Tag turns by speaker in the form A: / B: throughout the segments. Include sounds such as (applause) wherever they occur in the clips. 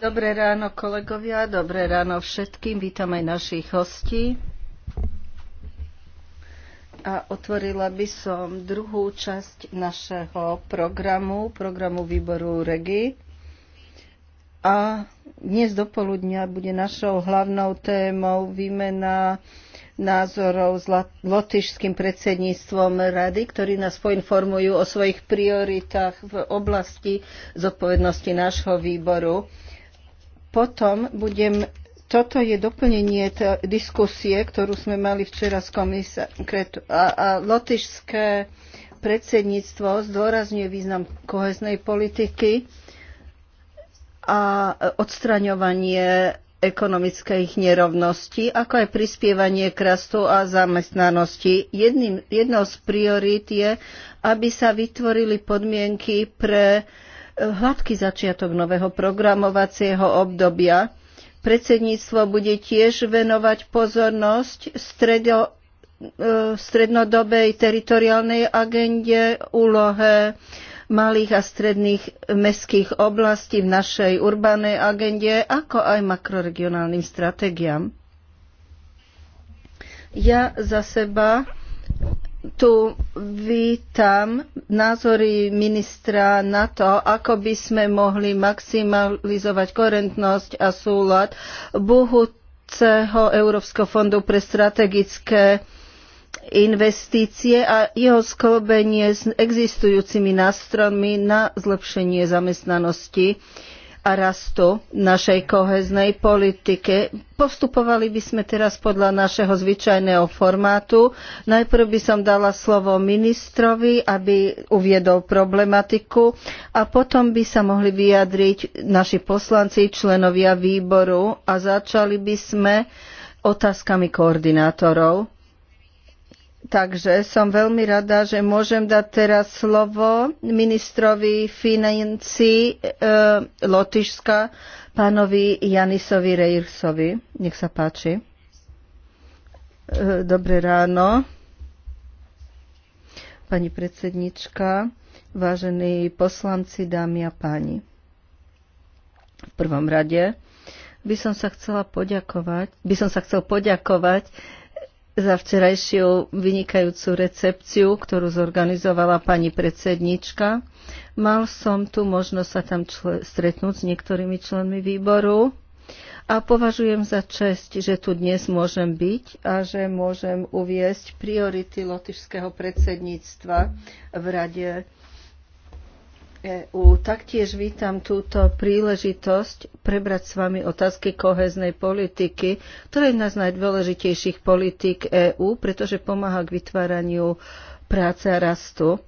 A: dobré ráno kolegovia, dobré ráno všetkým. Vítam aj našich hostí. A otvorila by som druhú časť našeho programu, programu výboru REGI. A dnes do poludnia bude našou hlavnou témou výmena názorov s lotyšským predsedníctvom rady, ktorí nás poinformujú o svojich prioritách v oblasti zodpovednosti nášho výboru. Potom budem toto je doplnenie diskusie, ktorú sme mali včera s komisárom a, a lotyšské predsedníctvo zdôrazňuje význam koheznej politiky a odstraňovanie ekonomických nerovností, ako aj prispievanie k rastu a zamestnanosti. Jedným, jednou z priorít je, aby sa vytvorili podmienky pre eh, hladký začiatok nového programovacieho obdobia. Predsedníctvo bude tiež venovať pozornosť stredo, eh, strednodobej teritoriálnej agende, úlohe malých a stredných mestských oblastí v našej urbanej agende, ako aj makroregionálnym stratégiám. Ja za seba tu vítam názory ministra na to, ako by sme mohli maximalizovať korentnosť a súlad buhúceho Európskeho fondu pre strategické investície a jeho sklbenie s existujúcimi nástrojmi na zlepšenie zamestnanosti a rastu našej koheznej politike. Postupovali by sme teraz podľa našeho zvyčajného formátu. Najprv by som dala slovo ministrovi, aby uviedol problematiku a potom by sa mohli vyjadriť naši poslanci, členovia výboru a začali by sme otázkami koordinátorov. Takže som veľmi rada, že môžem dať teraz slovo ministrovi financí e, Lotyšska, pánovi Janisovi Reirsovi. Nech sa páči. E, dobré ráno, pani predsednička, vážení poslanci, dámy a páni. V prvom rade by som sa chcela poďakovať, by som sa chcel poďakovať za včerajšiu vynikajúcu recepciu, ktorú zorganizovala pani predsednička. Mal som tu možnosť sa tam stretnúť s niektorými členmi výboru a považujem za čest, že tu dnes môžem byť a že môžem uviesť priority lotyšského predsedníctva v Rade EÚ. Taktiež vítam túto príležitosť prebrať s vami otázky koheznej politiky, ktorá je jedna z najdôležitejších politík EÚ, pretože pomáha k vytváraniu práce a rastu.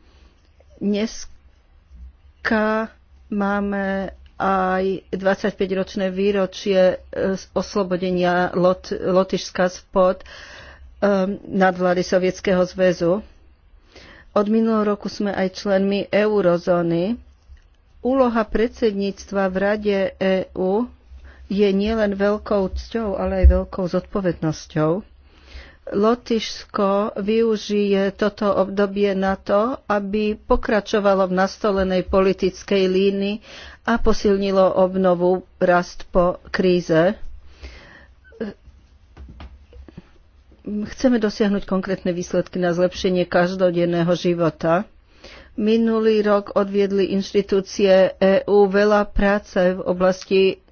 A: Dneska máme aj 25-ročné výročie e, oslobodenia Lot, Lotyšska spod um, e, nadvlády Sovietskeho zväzu. Od minulého roku sme aj členmi eurozóny Úloha predsedníctva v Rade EÚ je nielen veľkou cťou, ale aj veľkou zodpovednosťou. Lotyšsko využije toto obdobie na to, aby pokračovalo v nastolenej politickej línii a posilnilo obnovu rast po kríze. Chceme dosiahnuť konkrétne výsledky na zlepšenie každodenného života Minulý rok odviedli inštitúcie EÚ veľa práce v oblasti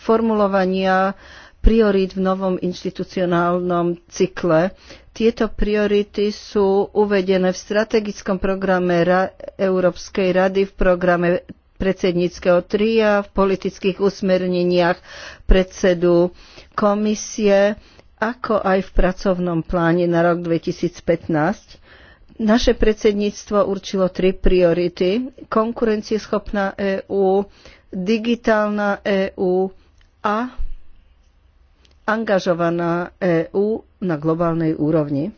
A: formulovania priorít v novom inštitucionálnom cykle. Tieto priority sú uvedené v strategickom programe Ra- Európskej rady, v programe predsedníckého tria, v politických usmerneniach predsedu komisie, ako aj v pracovnom pláne na rok 2015 naše predsedníctvo určilo tri priority. Konkurencieschopná EÚ, digitálna EÚ a angažovaná EÚ na globálnej úrovni.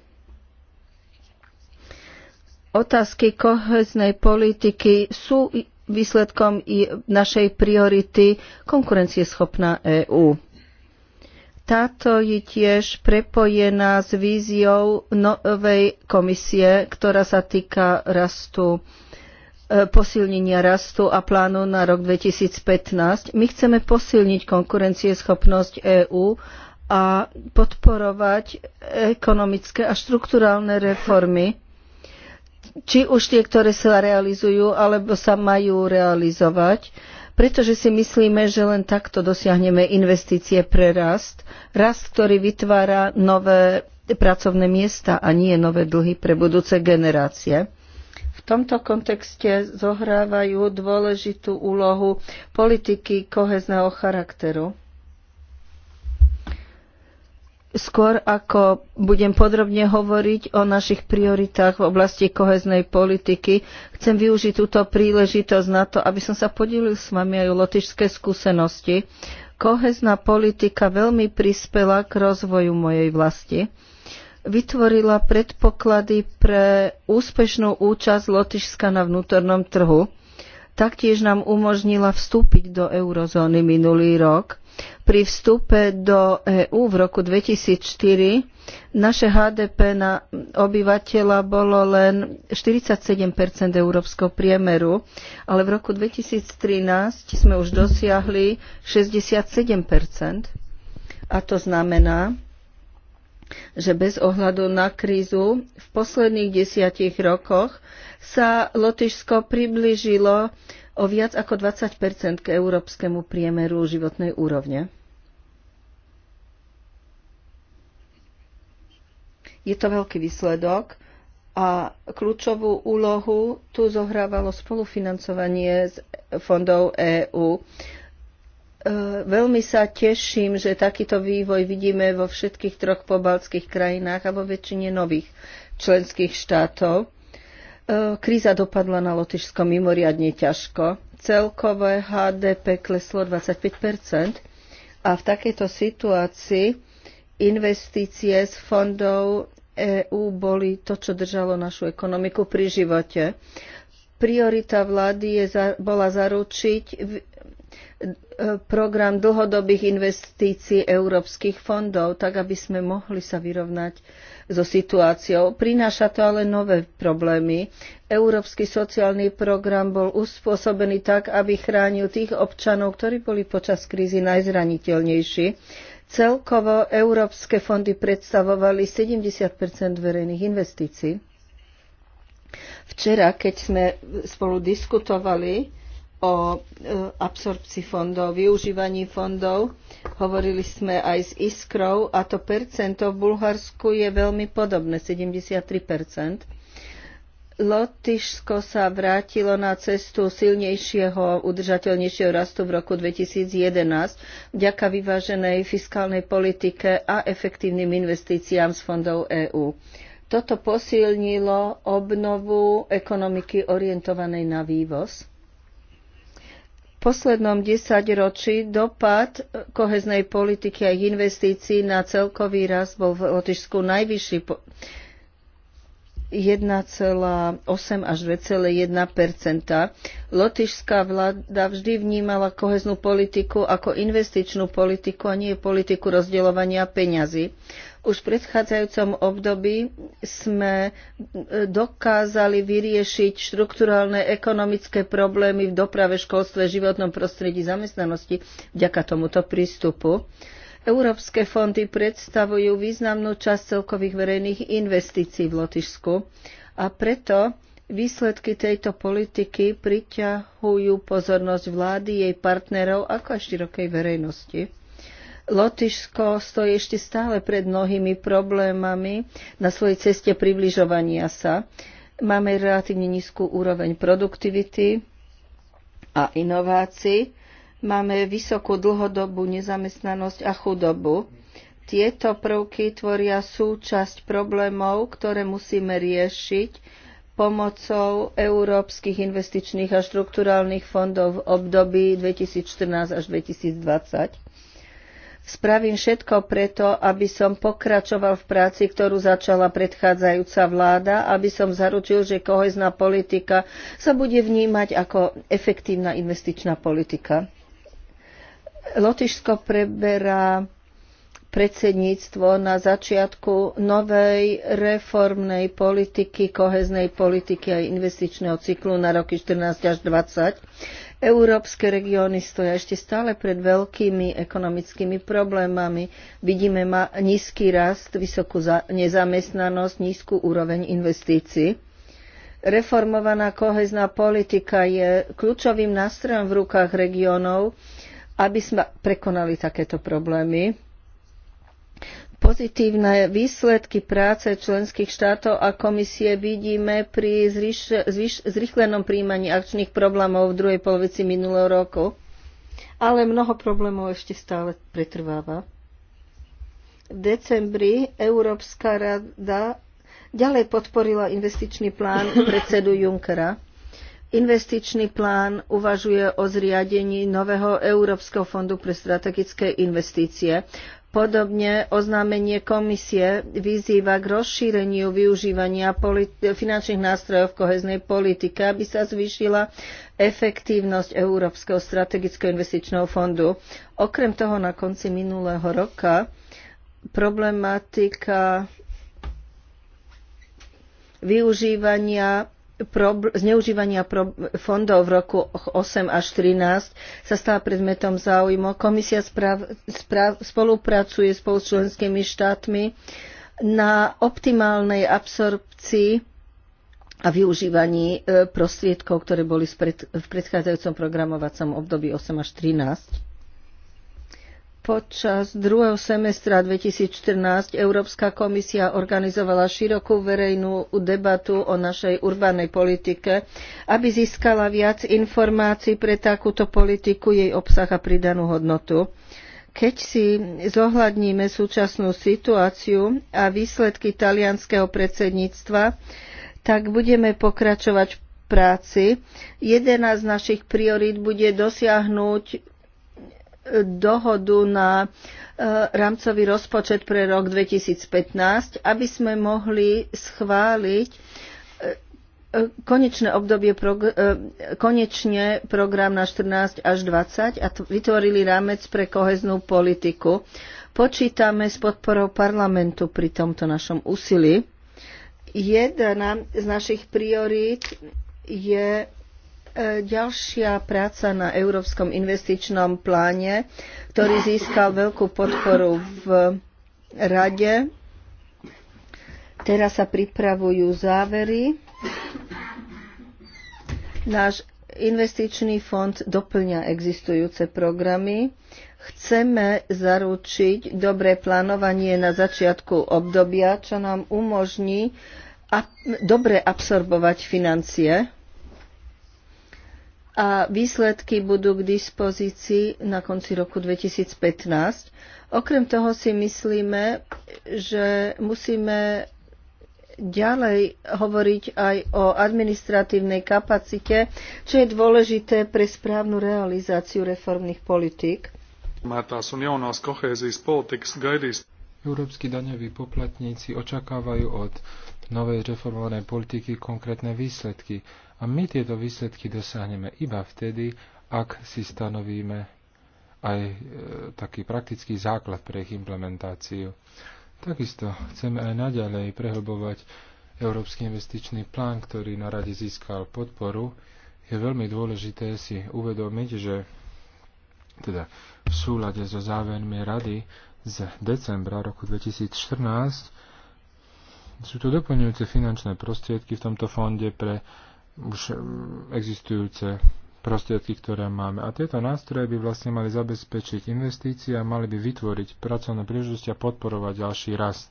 A: Otázky koheznej politiky sú výsledkom i našej priority konkurencieschopná EÚ. Táto je tiež prepojená s víziou novej komisie, ktorá sa týka rastu e, posilnenia rastu a plánu na rok 2015. My chceme posilniť konkurencieschopnosť EÚ a podporovať ekonomické a štrukturálne reformy, či už tie, ktoré sa realizujú, alebo sa majú realizovať pretože si myslíme, že len takto dosiahneme investície pre rast. Rast, ktorý vytvára nové pracovné miesta a nie nové dlhy pre budúce generácie. V tomto kontexte zohrávajú dôležitú úlohu politiky kohezného charakteru skôr ako budem podrobne hovoriť o našich prioritách v oblasti koheznej politiky, chcem využiť túto príležitosť na to, aby som sa podelil s vami aj o lotišské skúsenosti. Kohezná politika veľmi prispela k rozvoju mojej vlasti. Vytvorila predpoklady pre úspešnú účasť Lotyšska na vnútornom trhu. Taktiež nám umožnila vstúpiť do eurozóny minulý rok – pri vstupe do EÚ v roku 2004 naše HDP na obyvateľa bolo len 47 európskeho priemeru, ale v roku 2013 sme už dosiahli 67 A to znamená, že bez ohľadu na krízu v posledných desiatich rokoch sa Lotyšsko priblížilo o viac ako 20 k európskemu priemeru životnej úrovne. Je to veľký výsledok a kľúčovú úlohu tu zohrávalo spolufinancovanie z fondov EÚ. E, veľmi sa teším, že takýto vývoj vidíme vo všetkých troch pobaltských krajinách a vo väčšine nových členských štátov. E, kríza dopadla na Lotyšsko mimoriadne ťažko. Celkové HDP kleslo 25 a v takejto situácii investície z fondov EÚ boli to, čo držalo našu ekonomiku pri živote. Priorita vlády je, bola zaručiť program dlhodobých investícií európskych fondov, tak aby sme mohli sa vyrovnať so situáciou. Prináša to ale nové problémy. Európsky sociálny program bol uspôsobený tak, aby chránil tých občanov, ktorí boli počas krízy najzraniteľnejší. Celkovo európske fondy predstavovali 70 verejných investícií. Včera, keď sme spolu diskutovali, o e, absorpcii fondov, využívaní fondov. Hovorili sme aj s Iskrou a to percento v Bulharsku je veľmi podobné, 73%. Lotyšsko sa vrátilo na cestu silnejšieho, udržateľnejšieho rastu v roku 2011 vďaka vyváženej fiskálnej politike a efektívnym investíciám z fondov EÚ. Toto posilnilo obnovu ekonomiky orientovanej na vývoz poslednom desaťročí dopad eh, koheznej politiky a ich investícií na celkový rast bol v Lotyšsku najvyšší 1,8 až 2,1 Lotyšská vláda vždy vnímala koheznú politiku ako investičnú politiku a nie politiku rozdeľovania peňazí. Už v predchádzajúcom období sme e, dokázali vyriešiť štrukturálne ekonomické problémy v doprave, školstve, životnom prostredí, zamestnanosti vďaka tomuto prístupu. Európske fondy predstavujú významnú časť celkových verejných investícií v Lotyšsku a preto Výsledky tejto politiky priťahujú pozornosť vlády, jej partnerov, ako aj širokej verejnosti. Lotyšsko stojí ešte stále pred mnohými problémami na svojej ceste približovania sa. Máme relatívne nízku úroveň produktivity a inovácií Máme vysokú dlhodobú nezamestnanosť a chudobu. Tieto prvky tvoria súčasť problémov, ktoré musíme riešiť pomocou európskych investičných a štrukturálnych fondov v období 2014 až 2020. Spravím všetko preto, aby som pokračoval v práci, ktorú začala predchádzajúca vláda, aby som zaručil, že kohezná politika sa bude vnímať ako efektívna investičná politika. Lotyšsko preberá predsedníctvo na začiatku novej reformnej politiky, koheznej politiky a investičného cyklu na roky 14 až 20. Európske regióny stoja ešte stále pred veľkými ekonomickými problémami. Vidíme ma nízky rast, vysokú nezamestnanosť, nízku úroveň investícií. Reformovaná kohezná politika je kľúčovým nástrojom v rukách regiónov, aby sme prekonali takéto problémy. Pozitívne výsledky práce členských štátov a komisie vidíme pri zrýš, zrýchlenom príjmaní akčných problémov v druhej polovici minulého roku, ale mnoho problémov ešte stále pretrváva. V decembri Európska rada ďalej podporila investičný plán predsedu (laughs) Junckera Investičný plán uvažuje o zriadení nového Európskeho fondu pre strategické investície. Podobne oznámenie komisie vyzýva k rozšíreniu využívania finančných nástrojov v koheznej politike, aby sa zvýšila efektívnosť Európskeho strategického investičného fondu. Okrem toho na konci minulého roka problematika využívania prob- zneužívania pro- fondov v roku 8 až 13 sa stáva predmetom záujmu. Komisia spolupracuje spolu s členskými štátmi na optimálnej absorpcii a využívaní e, prostriedkov, ktoré boli v predchádzajúcom programovacom období 8 až 13. Počas druhého semestra 2014 Európska komisia organizovala širokú verejnú debatu o našej urbanej politike, aby získala viac informácií pre takúto politiku, jej obsah a pridanú hodnotu. Keď si zohľadníme súčasnú situáciu a výsledky talianského predsedníctva, tak budeme pokračovať v práci. Jedna z našich priorít bude dosiahnuť dohodu na e, rámcový rozpočet pre rok 2015, aby sme mohli schváliť e, e, konečné obdobie, konečne program na 14 až 20 a vytvorili rámec pre koheznú politiku. Počítame s podporou parlamentu pri tomto našom úsilí. Jedna z našich priorít je E, ďalšia práca na Európskom investičnom pláne, ktorý získal veľkú podporu v Rade. Teraz sa pripravujú závery. Náš investičný fond doplňa existujúce programy. Chceme zaručiť dobré plánovanie na začiatku obdobia, čo nám umožní dobre absorbovať financie a výsledky budú k dispozícii na konci roku 2015. Okrem toho si myslíme, že musíme ďalej hovoriť aj o administratívnej kapacite, čo je dôležité pre správnu realizáciu reformných politík.
B: Európsky daňoví poplatníci očakávajú od novej reformovanej politiky konkrétne výsledky a my tieto výsledky dosiahneme iba vtedy, ak si stanovíme aj e, taký praktický základ pre ich implementáciu. Takisto chceme aj naďalej prehlbovať Európsky investičný plán, ktorý na rade získal podporu. Je veľmi dôležité si uvedomiť, že teda v súlade so závermi rady z decembra roku 2014 sú to doplňujúce finančné prostriedky v tomto fonde pre už existujúce prostriedky, ktoré máme. A tieto nástroje by vlastne mali zabezpečiť investície a mali by vytvoriť pracovné príležitosti a podporovať ďalší rast.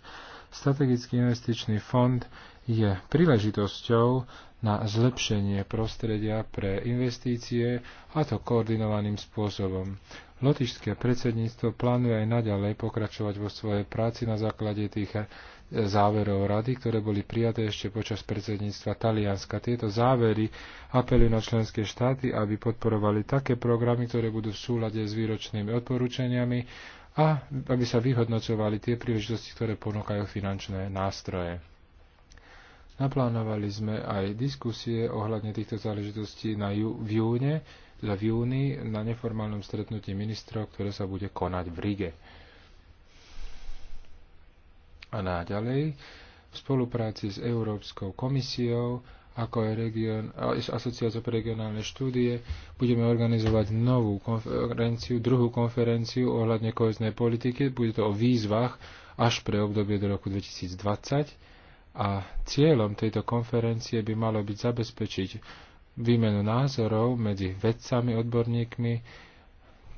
B: Strategický investičný fond je príležitosťou na zlepšenie prostredia pre investície a to koordinovaným spôsobom. Lotičské predsedníctvo plánuje aj naďalej pokračovať vo svojej práci na základe tých záverov rady, ktoré boli prijaté ešte počas predsedníctva Talianska. Tieto závery apelujú na členské štáty, aby podporovali také programy, ktoré budú v súlade s výročnými odporúčaniami a aby sa vyhodnocovali tie príležitosti, ktoré ponúkajú finančné nástroje. Naplánovali sme aj diskusie ohľadne týchto záležitostí na jú, v júne, teda v júni na neformálnom stretnutí ministrov, ktoré sa bude konať v Rige. A náďalej, v spolupráci s Európskou komisiou, ako aj region, asociáciou pre regionálne štúdie, budeme organizovať novú konferenciu, druhú konferenciu ohľadne koheznej politiky. Bude to o výzvach až pre obdobie do roku 2020. A cieľom tejto konferencie by malo byť zabezpečiť výmenu názorov medzi vedcami, odborníkmi,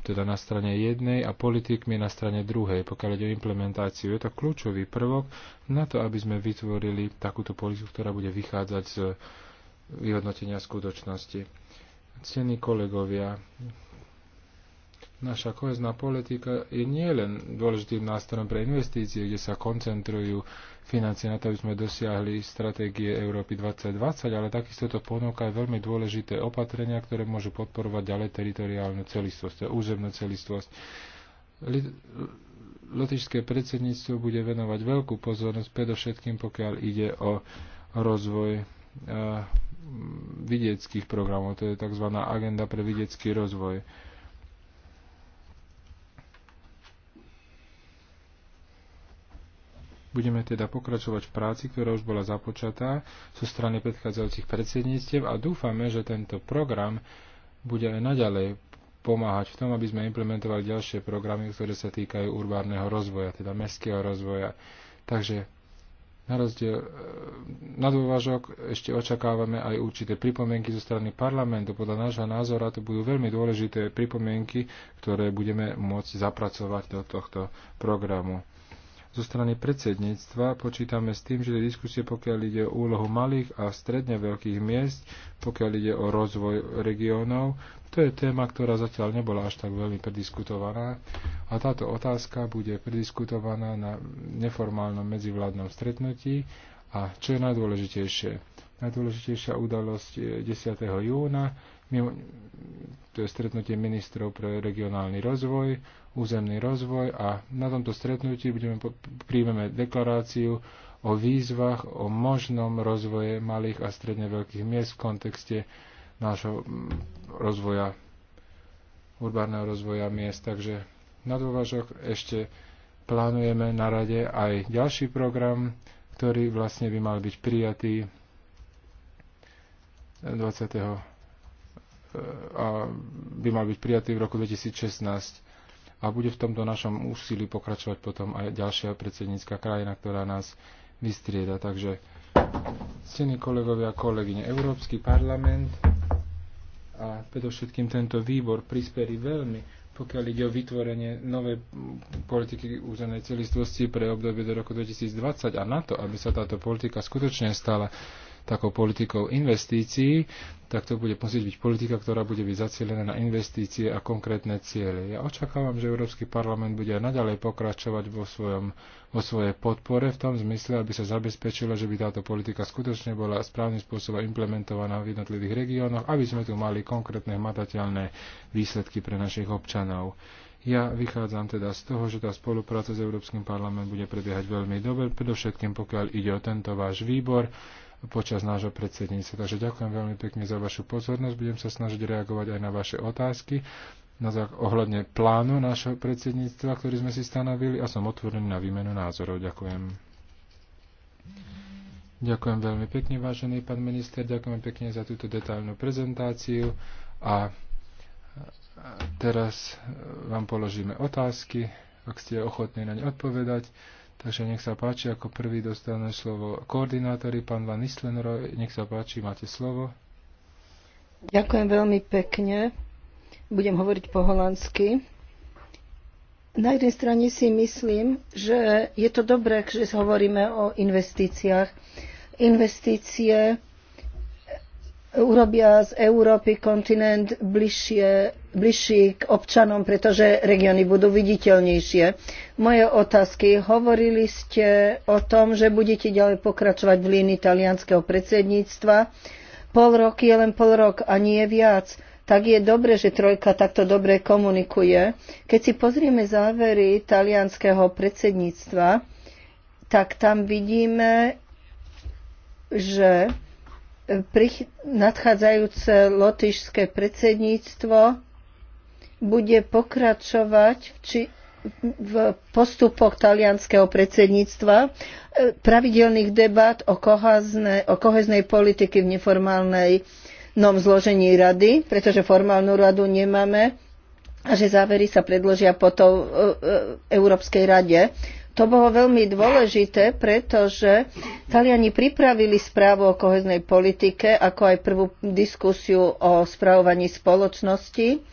B: teda na strane jednej a politikmi na strane druhej. Pokiaľ ide o implementáciu, je to kľúčový prvok na to, aby sme vytvorili takúto politiku, ktorá bude vychádzať z eh, vyhodnotenia skutočnosti. Cení kolegovia, Naša kohezná politika je nielen dôležitým nástrojom pre investície, kde sa koncentrujú financie na to, aby sme dosiahli stratégie Európy 2020, ale takisto to ponúka aj veľmi dôležité opatrenia, ktoré môžu podporovať ďalej teritoriálnu celistvosť a územnú celistvosť. Lotičské predsedníctvo bude venovať veľkú pozornosť, predovšetkým pokiaľ ide o rozvoj e, vidieckých programov, to je tzv. agenda pre vidiecký rozvoj Budeme teda pokračovať v práci, ktorá už bola započatá zo so strany predchádzajúcich predsedníctiev a dúfame, že tento program bude aj naďalej pomáhať v tom, aby sme implementovali ďalšie programy, ktoré sa týkajú urbárneho rozvoja, teda mestského rozvoja. Takže na rozdiel e, na dôvažok ešte očakávame aj určité pripomienky zo strany parlamentu. Podľa nášho názora to budú veľmi dôležité pripomienky, ktoré budeme môcť zapracovať do tohto programu zo strany predsedníctva. Počítame s tým, že tie diskusie, pokiaľ ide o úlohu malých a stredne veľkých miest, pokiaľ ide o rozvoj regiónov, to je téma, ktorá zatiaľ nebola až tak veľmi prediskutovaná. A táto otázka bude prediskutovaná na neformálnom medzivládnom stretnutí. A čo je najdôležitejšie? Najdôležitejšia udalosť 10. júna, to je stretnutie ministrov pre regionálny rozvoj, územný rozvoj a na tomto stretnutí budeme, príjmeme deklaráciu o výzvach, o možnom rozvoje malých a stredne veľkých miest v kontexte nášho mm, rozvoja, urbárneho rozvoja miest. Takže na dôvažok ešte plánujeme na rade aj ďalší program, ktorý vlastne by mal byť prijatý 20. Eh, eh, a by mal byť prijatý v roku 2016 a bude v tomto našom úsilí pokračovať potom aj ďalšia predsednícka krajina, ktorá nás vystrieda. Takže, ctení kolegovia a kolegyne, Európsky parlament a predovšetkým tento výbor prispeli veľmi, pokiaľ ide o vytvorenie novej politiky územnej celistvosti pre obdobie do roku 2020 a na to, aby sa táto politika skutočne stala takou politikou investícií, tak to bude musieť byť politika, ktorá bude byť zacielená na investície a konkrétne ciele. Ja očakávam, že Európsky parlament bude aj naďalej pokračovať vo, svojom, vo svojej podpore v tom zmysle, aby sa zabezpečilo, že by táto politika skutočne bola správnym spôsobom implementovaná v jednotlivých regiónoch, aby sme tu mali konkrétne hmatateľné výsledky pre našich občanov. Ja vychádzam teda z toho, že tá spolupráca s Európskym parlamentom bude prebiehať veľmi dobre, predovšetkým pokiaľ ide o tento váš výbor, počas nášho predsedníctva. Takže ďakujem veľmi pekne za vašu pozornosť. Budem sa snažiť reagovať aj na vaše otázky na zá ohľadne plánu nášho predsedníctva, ktorý sme si stanovili a som otvorený na výmenu názorov. Ďakujem. Ďakujem veľmi pekne, vážený pán minister, ďakujem pekne za túto detailnú prezentáciu a teraz vám položíme otázky, ak ste ochotní na ne odpovedať. Takže nech sa páči, ako prvý dostane slovo koordinátori, pán Van Islenroy, nech sa páči, máte slovo.
A: Ďakujem veľmi pekne. Budem hovoriť po holandsky. Na jednej strane si myslím, že je to dobré, že hovoríme o investíciách. Investície urobia z Európy kontinent bližšie bližší k občanom, pretože regióny budú viditeľnejšie. Moje otázky. Hovorili ste o tom, že budete ďalej pokračovať v línii italianského predsedníctva. Pol rok je len pol rok a nie viac. Tak je dobre, že Trojka takto dobre komunikuje. Keď si pozrieme závery italianského predsedníctva, tak tam vidíme, že nadchádzajúce lotyšské predsedníctvo bude pokračovať či, v postupoch talianského predsedníctva e, pravidelných debat o, kohazne, o koheznej politiky v neformálnej nom zložení rady, pretože formálnu radu nemáme a že závery sa predložia potom e, e, Európskej rade. To bolo veľmi dôležité, pretože Taliani pripravili správu o koheznej politike, ako aj prvú diskusiu o spravovaní spoločnosti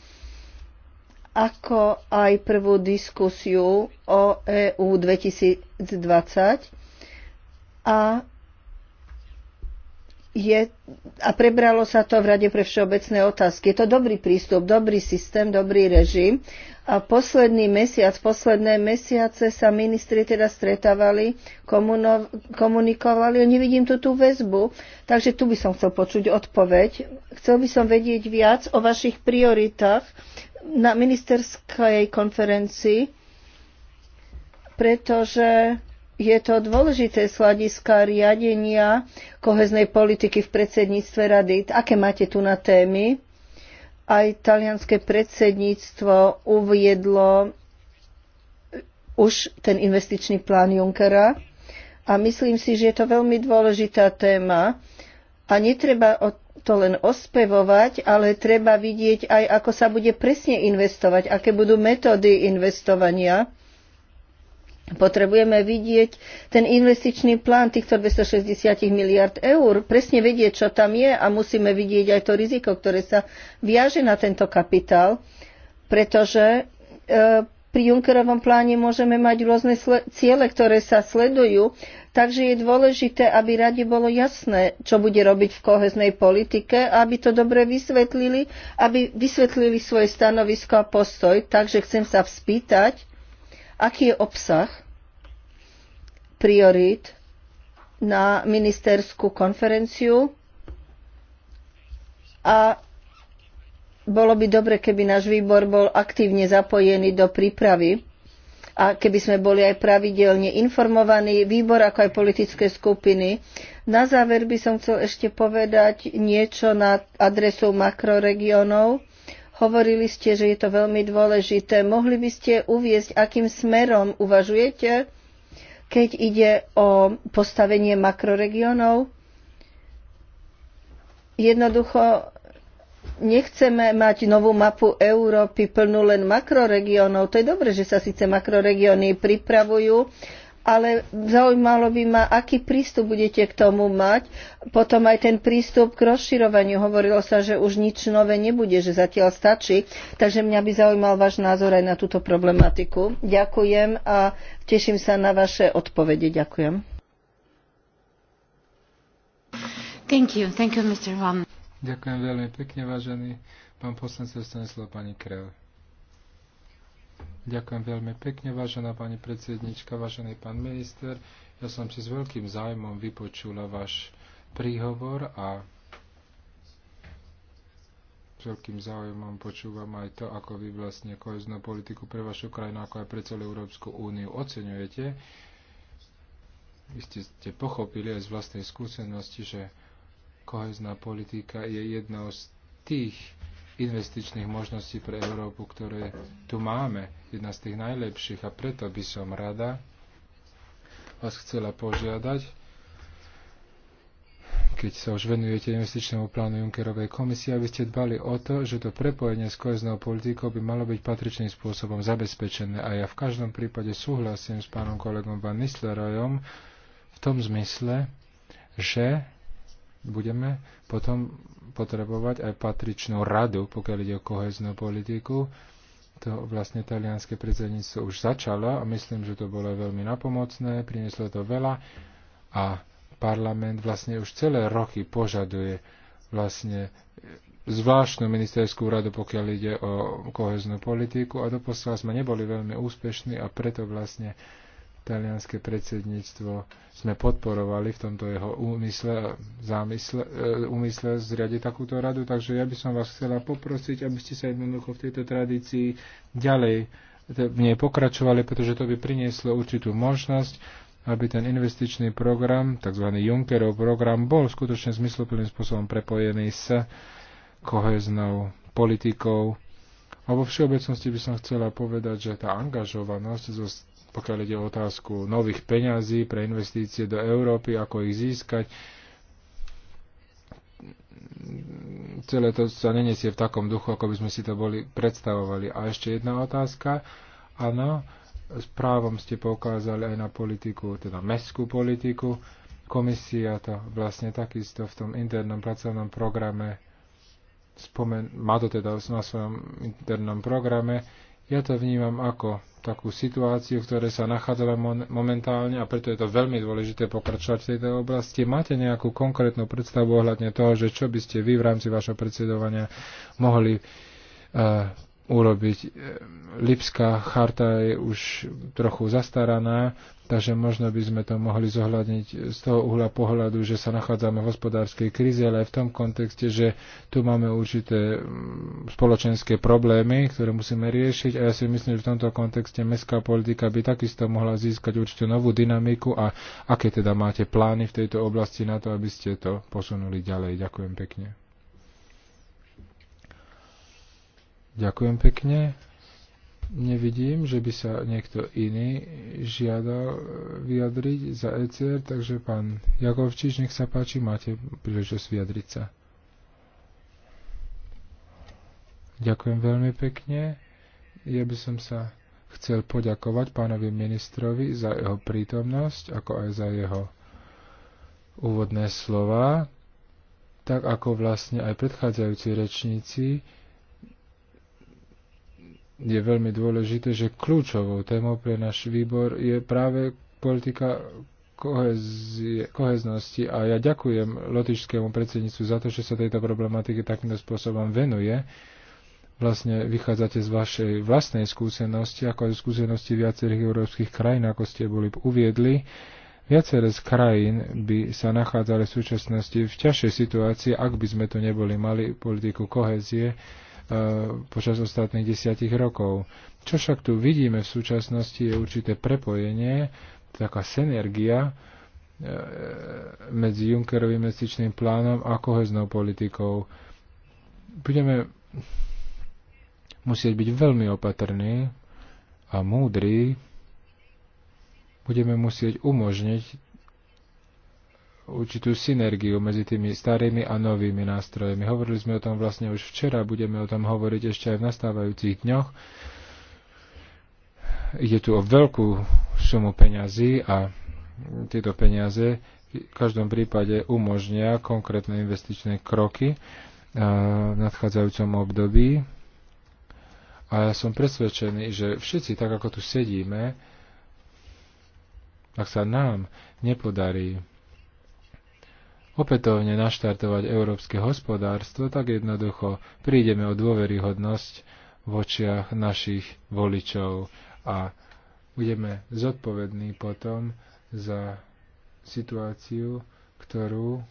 A: ako aj prvú diskusiu o EU 2020 a je, a prebralo sa to v Rade pre všeobecné otázky. Je to dobrý prístup, dobrý systém, dobrý režim. A posledný mesiac, posledné mesiace sa ministri teda stretávali, komuno, komunikovali. Nevidím tu tú väzbu, takže tu by som chcel počuť odpoveď. Chcel by som vedieť viac o vašich prioritách na ministerskej konferencii, pretože je to dôležité z hľadiska riadenia koheznej politiky v predsedníctve rady. Aké máte tu na témy? Aj talianské predsedníctvo uviedlo už ten investičný plán Junckera a myslím si, že je to veľmi dôležitá téma a netreba o to len ospevovať, ale treba vidieť aj, ako sa bude presne investovať, aké budú metódy investovania. Potrebujeme vidieť ten investičný plán týchto 260 miliard eur, presne vedieť, čo tam je a musíme vidieť aj to riziko, ktoré sa viaže na tento kapitál, pretože e, pri Junckerovom pláne môžeme mať rôzne ciele, ktoré sa sledujú, takže je dôležité, aby rade bolo jasné, čo bude robiť v koheznej politike, aby to dobre vysvetlili, aby vysvetlili svoje stanovisko a postoj. Takže chcem sa spýtať, aký je obsah priorít na ministerskú konferenciu a bolo by dobre, keby náš výbor bol aktívne zapojený do prípravy a keby sme boli aj pravidelne informovaní, výbor ako aj politické skupiny. Na záver by som chcel ešte povedať niečo na adresu makroregiónov. Hovorili ste, že je to veľmi dôležité. Mohli by ste uviezť, akým smerom uvažujete, keď ide o postavenie makroregionov? Jednoducho nechceme mať novú mapu Európy plnú len makroregiónov. To je dobre, že sa síce makroregióny pripravujú, ale zaujímalo by ma, aký prístup budete k tomu mať. Potom aj ten prístup k rozširovaniu. Hovorilo sa, že už nič nové nebude, že zatiaľ stačí. Takže mňa by zaujímal váš názor aj na túto problematiku. Ďakujem a teším sa na vaše odpovede. Ďakujem.
C: Thank you. Thank you, Mr. Van.
B: Ďakujem veľmi pekne, vážený pán poslanec Stanislav, pani Krel. Ďakujem veľmi pekne, vážená pani predsednička, vážený pán minister. Ja som si s veľkým zájmom vypočula váš príhovor a s veľkým záujmom počúvam aj to, ako vy vlastne koheznú politiku pre vašu krajinu, ako aj pre celú Európsku úniu oceňujete. Vy ste, ste pochopili aj z vlastnej skúsenosti, že kohezná politika je jednou z tých investičných možností pre Európu, ktoré tu máme, jedna z tých najlepších a preto by som rada vás chcela požiadať, keď sa už venujete investičnému plánu Junckerovej komisie, aby ste dbali o to, že to prepojenie s koheznou politikou by malo byť patričným spôsobom zabezpečené. A ja v každom prípade súhlasím s pánom kolegom Van Nislerojom v tom zmysle, že budeme potom potrebovať aj patričnú radu, pokiaľ ide o koheznú politiku. To vlastne talianské predsedníctvo už začalo a myslím, že to bolo veľmi napomocné, prinieslo to veľa a parlament vlastne už celé roky požaduje vlastne zvláštnu ministerskú radu, pokiaľ ide o koheznú politiku a doposiaľ sme neboli veľmi úspešní a preto vlastne talianské predsedníctvo sme podporovali v tomto jeho úmysle, zámysle, e, úmysle zriadiť takúto radu, takže ja by som vás chcela poprosiť, aby ste sa jednoducho v tejto tradícii ďalej v nej pokračovali, pretože to by prinieslo určitú možnosť, aby ten investičný program, tzv. Junckerov program, bol skutočne zmysluplným spôsobom prepojený s koheznou politikou. A vo všeobecnosti by som chcela povedať, že tá angažovanosť zo pokiaľ ide o otázku nových peňazí pre investície do Európy, ako ich získať. Celé to sa nenesie v takom duchu, ako by sme si to boli predstavovali. A ešte jedna otázka. Áno, s právom ste poukázali aj na politiku, teda mestskú politiku. Komisia to vlastne takisto v tom internom pracovnom programe spomen- má to teda na svojom internom programe ja to vnímam ako takú situáciu, v ktorej sa nachádzame momentálne a preto je to veľmi dôležité pokračovať v tejto oblasti. Máte nejakú konkrétnu predstavu ohľadne toho, že čo by ste vy v rámci vašho predsedovania mohli uh, urobiť. E, Lipská charta je už trochu zastaraná, takže možno by sme to mohli zohľadniť z toho uhla pohľadu, že sa nachádzame v hospodárskej kríze, ale aj v tom kontexte, že tu máme určité mm, spoločenské problémy, ktoré musíme riešiť a ja si myslím, že v tomto kontexte mestská politika by takisto mohla získať určitú novú dynamiku a aké teda máte plány v tejto oblasti na to, aby ste to posunuli ďalej. Ďakujem pekne. Ďakujem pekne. Nevidím, že by sa niekto iný žiadal e, vyjadriť za ECR, takže pán Jakovčič, nech sa páči, máte príležitosť vyjadriť sa. Ďakujem veľmi pekne. Ja by som sa chcel poďakovať pánovi ministrovi za jeho prítomnosť, ako aj za jeho úvodné slova, tak ako vlastne aj predchádzajúci rečníci, je veľmi dôležité, že kľúčovou témou pre náš výbor je práve politika kohezie, koheznosti a ja ďakujem lotičskému predsedníctvu za to, že sa tejto problematike takýmto spôsobom venuje. Vlastne vychádzate z vašej vlastnej skúsenosti, ako aj skúsenosti viacerých európskych krajín, ako ste boli uviedli. Viaceré z krajín by sa nachádzali v súčasnosti v ťažšej situácii, ak by sme tu neboli mali politiku kohezie Eh, počas ostatných desiatich rokov. Čo však tu vidíme v súčasnosti je určité prepojenie, taká synergia eh, medzi Junckerovým investičným plánom a koheznou politikou. Budeme musieť byť veľmi opatrní a múdri. Budeme musieť umožniť určitú synergiu medzi tými starými a novými nástrojmi. Hovorili sme o tom vlastne už včera, budeme o tom hovoriť ešte aj v nastávajúcich dňoch. Ide tu o veľkú sumu peňazí a tieto peniaze v každom prípade umožnia konkrétne investičné kroky eh, v nadchádzajúcom období. A ja som presvedčený, že všetci, tak ako tu sedíme, ak sa nám nepodarí opätovne naštartovať európske hospodárstvo, tak jednoducho prídeme o dôveryhodnosť v očiach našich voličov a budeme zodpovední potom za situáciu, ktorú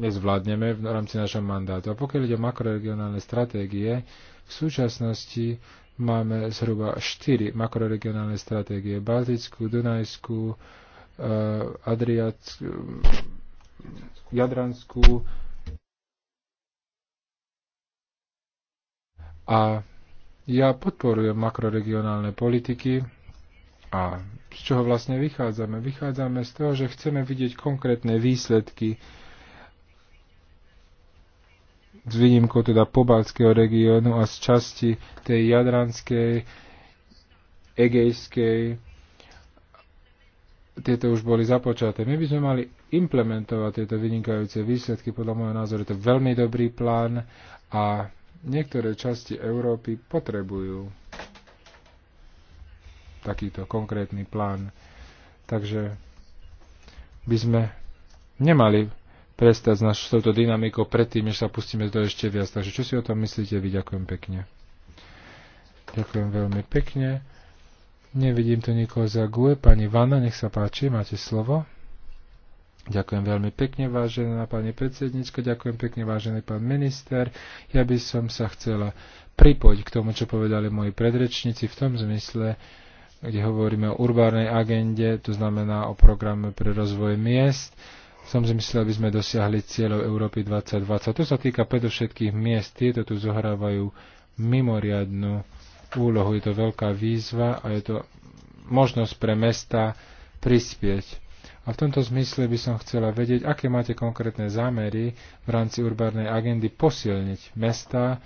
B: nezvládneme v rámci našho mandátu. A pokiaľ ide o makroregionálne stratégie, v súčasnosti máme zhruba 4 makroregionálne stratégie. Baltickú, Dunajskú, e, Adriatskú, Jadranskú a ja podporujem makroregionálne politiky a z čoho vlastne vychádzame? Vychádzame z toho, že chceme vidieť konkrétne výsledky s výnimkou teda pobalského regiónu a z časti tej jadranskej, egejskej, tieto už boli započaté. My by sme mali implementovať tieto vynikajúce výsledky. Podľa môjho názoru je to veľmi dobrý plán a niektoré časti Európy potrebujú takýto konkrétny plán. Takže by sme nemali prestať s touto dynamikou predtým, než sa pustíme do ešte viac. Takže čo si o tom myslíte vy? Ďakujem pekne. Ďakujem veľmi pekne. Nevidím tu nikoho za GUE. Pani Vanna, nech sa páči, máte slovo. Ďakujem veľmi pekne, vážená pani predsednička, ďakujem pekne, vážený pán minister. Ja by som sa chcela pripoť k tomu, čo povedali moji predrečníci v tom zmysle, kde hovoríme o urbárnej agende, to znamená o programe pre rozvoj miest. V tom zmysle, aby sme dosiahli cieľov Európy 2020. To sa týka predovšetkých miest. Tieto tu zohrávajú mimoriadnú úlohu. Je to veľká výzva a je to možnosť pre mesta prispieť a v tomto zmysle by som chcela vedieť, aké máte konkrétne zámery v rámci urbárnej agendy posilniť mesta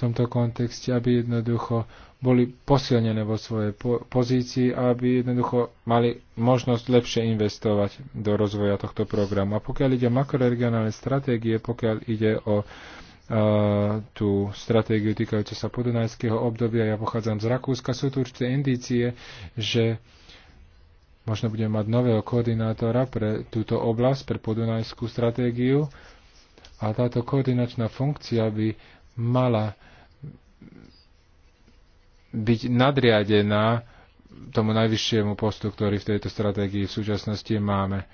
B: v tomto kontexte, aby jednoducho boli posilnené vo svojej po- pozícii a aby jednoducho mali možnosť lepšie investovať do rozvoja tohto programu. A pokiaľ ide o makroregionálne stratégie, pokiaľ ide o e, tú stratégiu týkajúcu sa podunajského obdobia. Ja pochádzam z Rakúska. Sú tu určité indície, že Možno budeme mať nového koordinátora pre túto oblasť, pre podunajskú stratégiu. A táto koordinačná funkcia by mala byť nadriadená tomu najvyššiemu postu, ktorý v tejto stratégii v súčasnosti máme.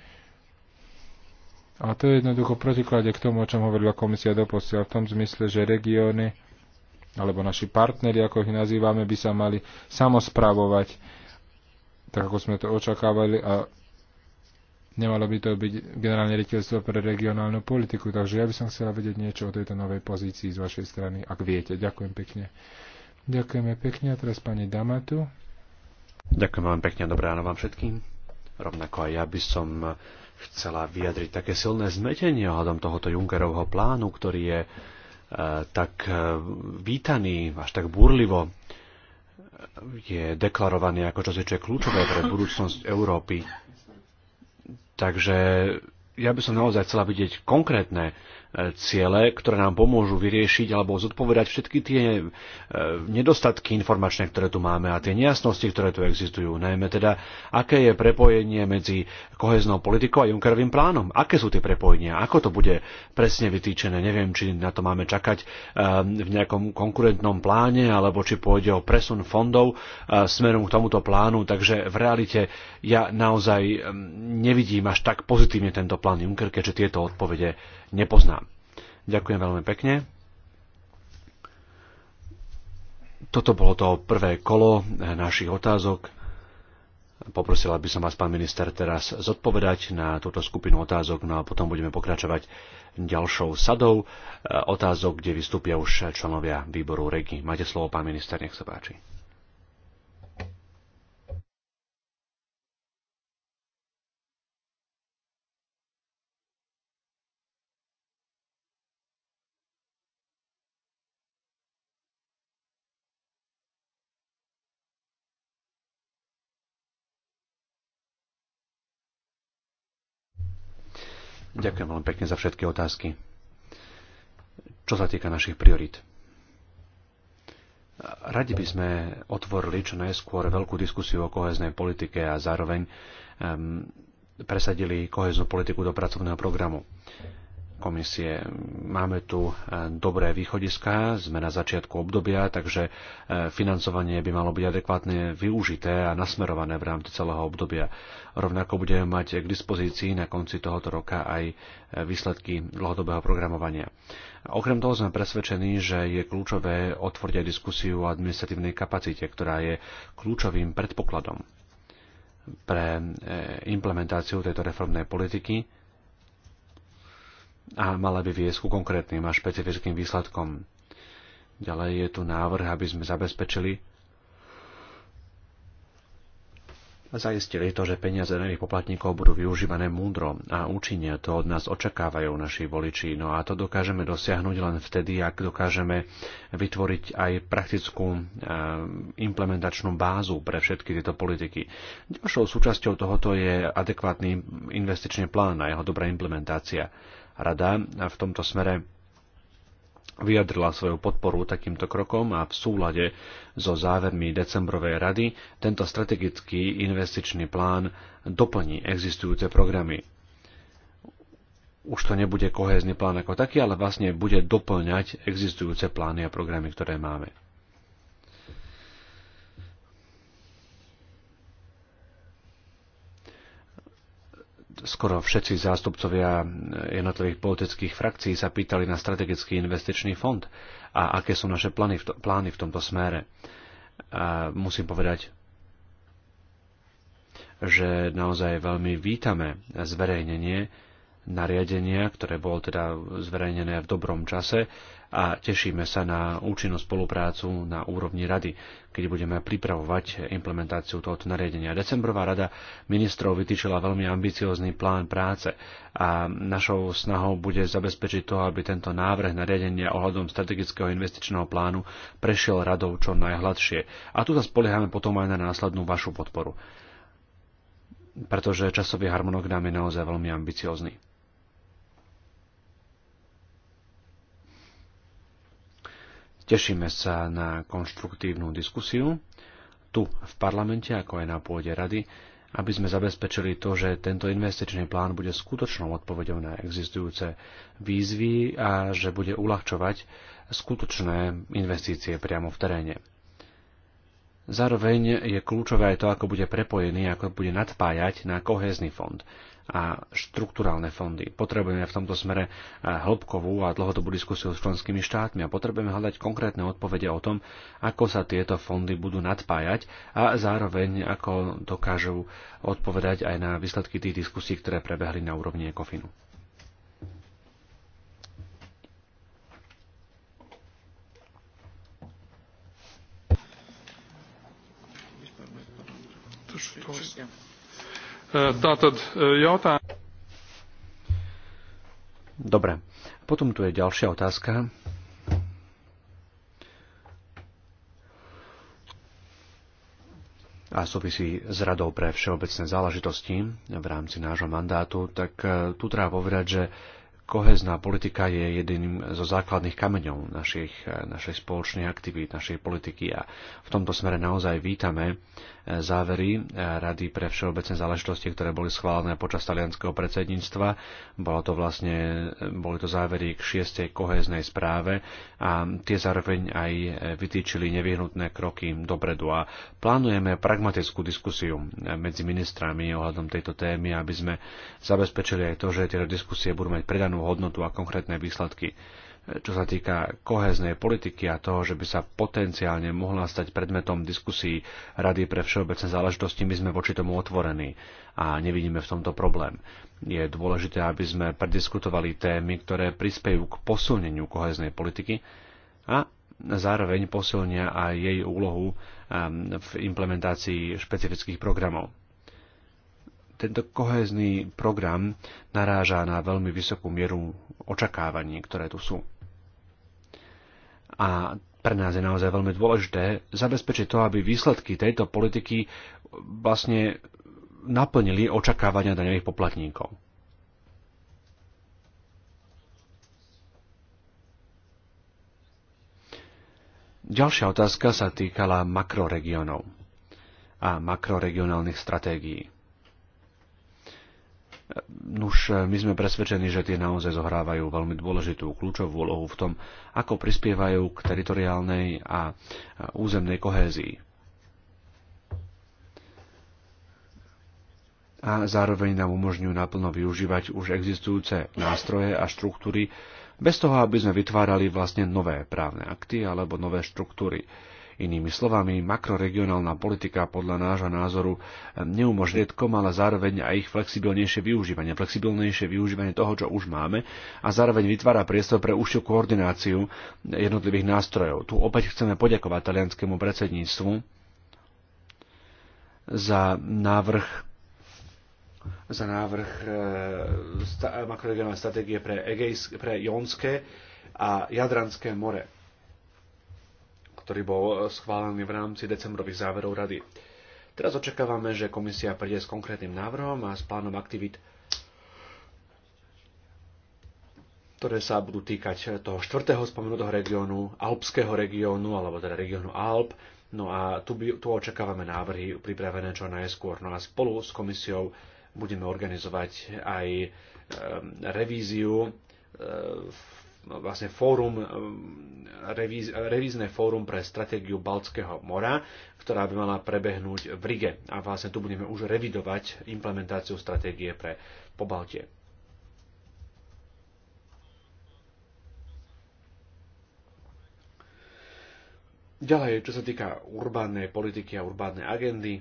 B: A to je jednoducho protiklade k tomu, o čom hovorila komisia doposiaľ, v tom zmysle, že regióny alebo naši partneri, ako ich nazývame, by sa mali samospravovať tak ako sme to očakávali a nemalo by to byť generálne riteľstvo pre regionálnu politiku. Takže ja by som chcela vedieť niečo o tejto novej pozícii z vašej strany, ak viete. Ďakujem pekne. Ďakujeme pekne a teraz pani Damatu.
D: Ďakujem vám pekne a dobré ráno vám všetkým. Rovnako aj ja by som chcela vyjadriť také silné zmetenie ohľadom tohoto Junckerovho plánu, ktorý je eh, tak eh, vítaný, až tak búrlivo je deklarovaný ako čosi, čo je kľúčové pre budúcnosť Európy. Takže ja by som naozaj chcela vidieť konkrétne ciele, ktoré nám pomôžu vyriešiť alebo zodpovedať všetky tie e, nedostatky informačné, ktoré tu máme a tie nejasnosti, ktoré tu existujú. Najmä teda, aké je prepojenie medzi koheznou politikou a Junckerovým plánom. Aké sú tie prepojenia? Ako to bude presne vytýčené? Neviem, či na to máme čakať e, v nejakom konkurentnom pláne alebo či pôjde o presun fondov e, smerom k tomuto plánu. Takže v realite ja naozaj nevidím až tak pozitívne tento plán Juncker, keďže tieto odpovede nepoznám. Ďakujem veľmi pekne. Toto bolo to prvé kolo eh, našich otázok. Poprosila by som vás, pán minister, teraz zodpovedať na túto skupinu otázok, no a potom budeme pokračovať ďalšou sadou eh, otázok, kde vystúpia už členovia výboru REGI. Máte slovo, pán minister, nech sa páči. Ďakujem veľmi pekne za všetky otázky. Čo sa týka našich priorít. Radi by sme otvorili čo najskôr veľkú diskusiu o koheznej politike a zároveň um, presadili koheznú politiku do pracovného programu komisie. Máme tu e, dobré východiská, sme na začiatku obdobia, takže e, financovanie by malo byť adekvátne využité a nasmerované v rámci celého obdobia. Rovnako budeme mať k dispozícii na konci tohoto roka aj e, výsledky dlhodobého programovania. Okrem toho sme presvedčení, že je kľúčové otvoriť diskusiu o administratívnej kapacite, ktorá je kľúčovým predpokladom pre implementáciu tejto reformnej politiky a mala by viesť ku konkrétnym a špecifickým výsledkom. Ďalej je tu návrh, aby sme zabezpečili a zaistili to, že peniaze nových poplatníkov budú využívané múdro a účinne to od nás očakávajú naši voliči. No a to dokážeme dosiahnuť len vtedy, ak dokážeme vytvoriť aj praktickú e, implementačnú bázu pre všetky tieto politiky. Ďalšou súčasťou tohoto je adekvátny investičný plán a jeho dobrá implementácia. Rada v tomto smere vyjadrila svoju podporu takýmto krokom a v súlade so závermi decembrovej rady tento strategický investičný plán doplní existujúce programy. Už to nebude kohézny plán ako taký, ale vlastne bude doplňať existujúce plány a programy, ktoré máme. skoro všetci zástupcovia jednotlivých politických frakcií sa pýtali na strategický investičný fond a aké sú naše plány v, to, plány v tomto smere. A musím povedať, že naozaj veľmi vítame zverejnenie nariadenia, ktoré bolo teda zverejnené v dobrom čase a tešíme sa na účinnú spoluprácu na úrovni rady, keď budeme pripravovať implementáciu tohoto nariadenia. Decembrová rada ministrov vytýčila veľmi ambiciózny plán práce a našou snahou bude zabezpečiť to, aby tento návrh nariadenia ohľadom strategického investičného plánu prešiel radou čo najhladšie. A tu sa spoliehame potom aj na následnú vašu podporu pretože časový harmonogram je naozaj veľmi ambiciózny. Tešíme sa na konštruktívnu diskusiu tu v parlamente, ako aj na pôde rady, aby sme zabezpečili to, že tento investičný plán bude skutočnou odpovedou na existujúce výzvy a že bude uľahčovať skutočné investície priamo v teréne. Zároveň je kľúčové aj to, ako bude prepojený, ako bude nadpájať na kohézny fond a štruktúrálne fondy. Potrebujeme v tomto smere eh, hĺbkovú a dlhodobú diskusiu s členskými štátmi a potrebujeme hľadať konkrétne odpovede o tom, ako sa tieto fondy budú nadpájať a zároveň ako dokážu odpovedať aj na výsledky tých diskusí, ktoré prebehli na úrovni ECOFINu.
B: Tātad e, jautājums.
D: Dobre. Potom tu je ďalšia otázka. a súvisí s Radou pre všeobecné záležitosti v rámci nášho mandátu, tak e, tu treba povedať, že kohezná politika je jedným zo základných kameňov našich, e, našej spoločnej aktivít, našej politiky a v tomto smere naozaj vítame závery eh, Rady pre všeobecné záležitosti, ktoré boli schválené počas talianského predsedníctva. Bolo to vlastne, boli to závery k šiestej koheznej správe a tie zároveň aj vytýčili nevyhnutné kroky dopredu. A plánujeme pragmatickú diskusiu medzi ministrami ohľadom tejto témy, aby sme zabezpečili aj to, že tieto diskusie budú mať predanú hodnotu a konkrétne výsledky čo sa týka koheznej politiky a toho, že by sa potenciálne mohla stať predmetom diskusí Rady pre všeobecné záležitosti, my sme voči tomu otvorení a nevidíme v tomto problém. Je dôležité, aby sme prediskutovali témy, ktoré prispejú k posilneniu koheznej politiky a zároveň posilnia aj jej úlohu um, v implementácii špecifických programov tento kohézny program naráža na veľmi vysokú mieru očakávaní, ktoré tu sú. A pre nás je naozaj veľmi dôležité zabezpečiť to, aby výsledky tejto politiky vlastne naplnili očakávania daňových poplatníkov. Ďalšia otázka sa týkala makroregionov a makroregionálnych stratégií. Nuž, eh, my sme presvedčení, že tie naozaj zohrávajú veľmi dôležitú kľúčovú úlohu v tom, ako prispievajú k teritoriálnej a eh, územnej kohézii. A zároveň nám umožňujú naplno využívať už existujúce nástroje a štruktúry, bez toho, aby sme vytvárali vlastne nové právne akty alebo nové štruktúry. Inými slovami, makroregionálna politika podľa nášho názoru neumožňuje riedkom, ale zároveň aj ich flexibilnejšie využívanie, flexibilnejšie využívanie toho, čo už máme a zároveň vytvára priestor pre užšiu koordináciu jednotlivých nástrojov. Tu opäť chceme poďakovať talianskému predsedníctvu za návrh za návrh e, sta, makroregionálnej stratégie pre, Egejs, pre Jonské a Jadranské more ktorý bol e, schválený v rámci decembrových záverov Rady. Teraz očakávame, že komisia príde s konkrétnym návrhom a s plánom aktivít, ktoré sa budú týkať e, toho štvrtého spomenutého regiónu, alpského regiónu, alebo teda regiónu Alp. No a tu, by, tu očakávame návrhy pripravené čo najskôr. No a spolu s komisiou budeme organizovať aj e, revíziu v vlastne fórum, um, revíz, revízne fórum pre stratégiu Baltského mora, ktorá by mala prebehnúť v Rige. A vlastne tu budeme už revidovať implementáciu stratégie pre Pobaltie. Ďalej, čo sa týka urbánnej politiky a urbánnej agendy,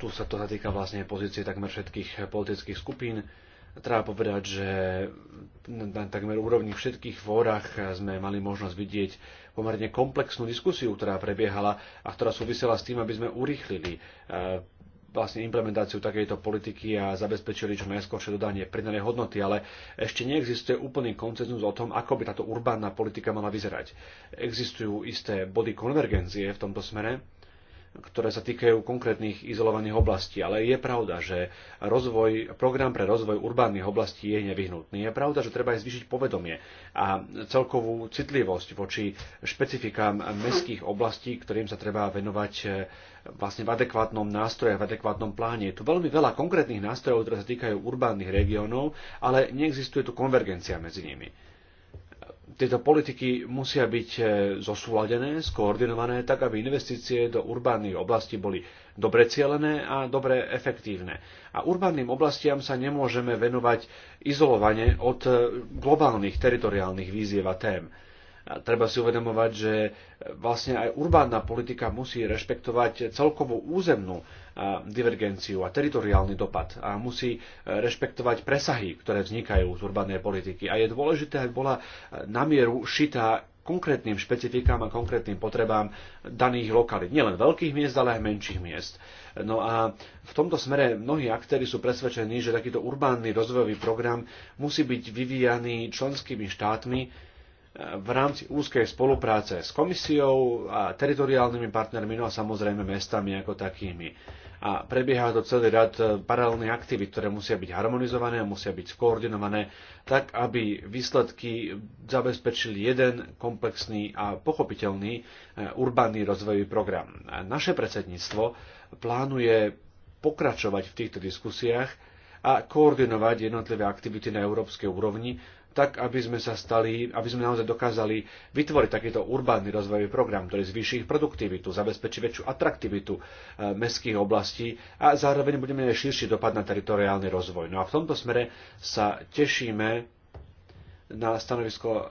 D: tu sa to zatýka vlastne pozície takmer všetkých politických skupín. Treba povedať, že na takmer úrovni všetkých fórach sme mali možnosť vidieť pomerne komplexnú diskusiu, ktorá prebiehala a ktorá súvisela s tým, aby sme urýchlili e, vlastne implementáciu takejto politiky a zabezpečili čo najskôršie dodanie pridanej hodnoty, ale ešte neexistuje úplný koncenzus o tom, ako by táto urbánna politika mala vyzerať. Existujú isté body konvergencie v tomto smere, ktoré sa týkajú konkrétnych izolovaných oblastí. Ale je pravda, že rozvoj, program pre rozvoj urbánnych oblastí je nevyhnutný. Je pravda, že treba aj zvýšiť povedomie a celkovú citlivosť voči špecifikám mestských oblastí, ktorým sa treba venovať eh, vlastne v adekvátnom nástroje, v adekvátnom pláne. Je tu veľmi veľa konkrétnych nástrojov, ktoré sa týkajú urbánnych regiónov, ale neexistuje tu konvergencia medzi nimi tieto politiky musia byť e, zosúladené, skoordinované, tak aby investície do urbánnych oblastí boli dobre cielené a dobre efektívne. A urbánnym oblastiam sa nemôžeme venovať izolovane od e, globálnych teritoriálnych víziev a tém treba si uvedomovať, že e, vlastne aj urbánna politika musí rešpektovať celkovú územnú e, divergenciu a teritoriálny dopad a musí e, rešpektovať presahy, ktoré vznikajú z urbanej politiky. A je dôležité, aby bola na mieru šitá konkrétnym špecifikám a konkrétnym potrebám daných lokalít. Nielen veľkých miest, ale aj menších miest. No a v tomto smere mnohí aktéry sú presvedčení, že takýto urbánny rozvojový program musí byť vyvíjaný členskými štátmi, v rámci úzkej spolupráce s komisiou a teritoriálnymi partnermi, no a samozrejme mestami ako takými. A prebieha to celý rad e, paralelných aktivít, ktoré musia byť harmonizované a musia byť skoordinované, tak aby výsledky zabezpečili jeden komplexný a pochopiteľný e, urbánny rozvojový program. Naše predsedníctvo plánuje pokračovať v týchto diskusiách a koordinovať jednotlivé aktivity na európskej úrovni tak aby sme sa stali, aby sme naozaj dokázali vytvoriť takýto urbánny rozvojový program, ktorý zvýši ich produktivitu, zabezpečí väčšiu atraktivitu e, mestských oblastí a zároveň budeme mať širší dopad na teritoriálny rozvoj. No a v tomto smere sa tešíme na stanovisko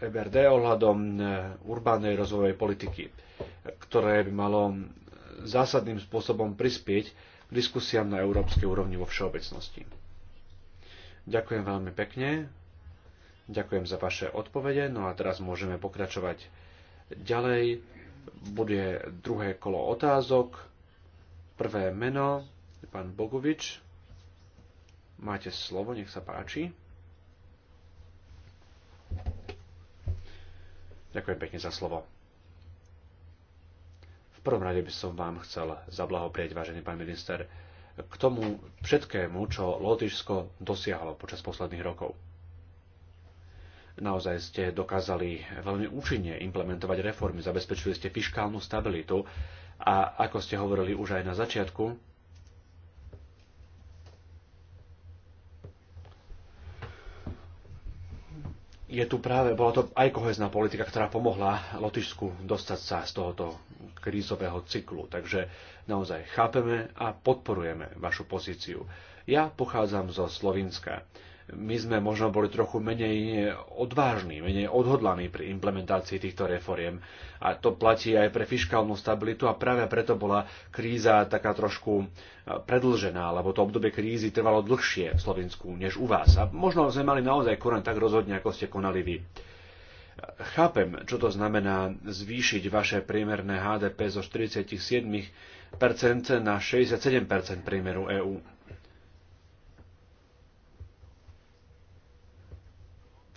D: EBRD e ohľadom e, urbánnej rozvojovej politiky, ktoré by malo zásadným spôsobom prispieť k diskusiám na európskej úrovni vo všeobecnosti. Ďakujem veľmi pekne Ďakujem za vaše odpovede. No a teraz môžeme pokračovať ďalej. Bude druhé kolo otázok. Prvé meno, pán Bogovič. Máte slovo, nech sa páči. Ďakujem pekne za slovo. V prvom rade by som vám chcel zablahoprieť, vážený pán minister, k tomu všetkému, čo Lotyšsko dosiahlo počas posledných rokov naozaj ste dokázali veľmi účinne implementovať reformy, zabezpečili ste fiskálnu stabilitu a ako ste hovorili už aj na začiatku, je tu práve, bola to aj kohezná politika, ktorá pomohla Lotyšsku dostať sa z tohoto krízového cyklu. Takže naozaj chápeme a podporujeme vašu pozíciu. Ja pochádzam zo Slovenska my sme možno boli trochu menej odvážni, menej odhodlaní pri implementácii týchto reforiem. A to platí aj pre fiskálnu stabilitu a práve preto bola kríza taká trošku e, predlžená, lebo to obdobie krízy trvalo dlhšie v Slovensku než u vás. A možno sme mali naozaj konať tak rozhodne, ako ste konali vy. Chápem, čo to znamená zvýšiť vaše priemerné HDP zo 47% na 67% priemeru EÚ.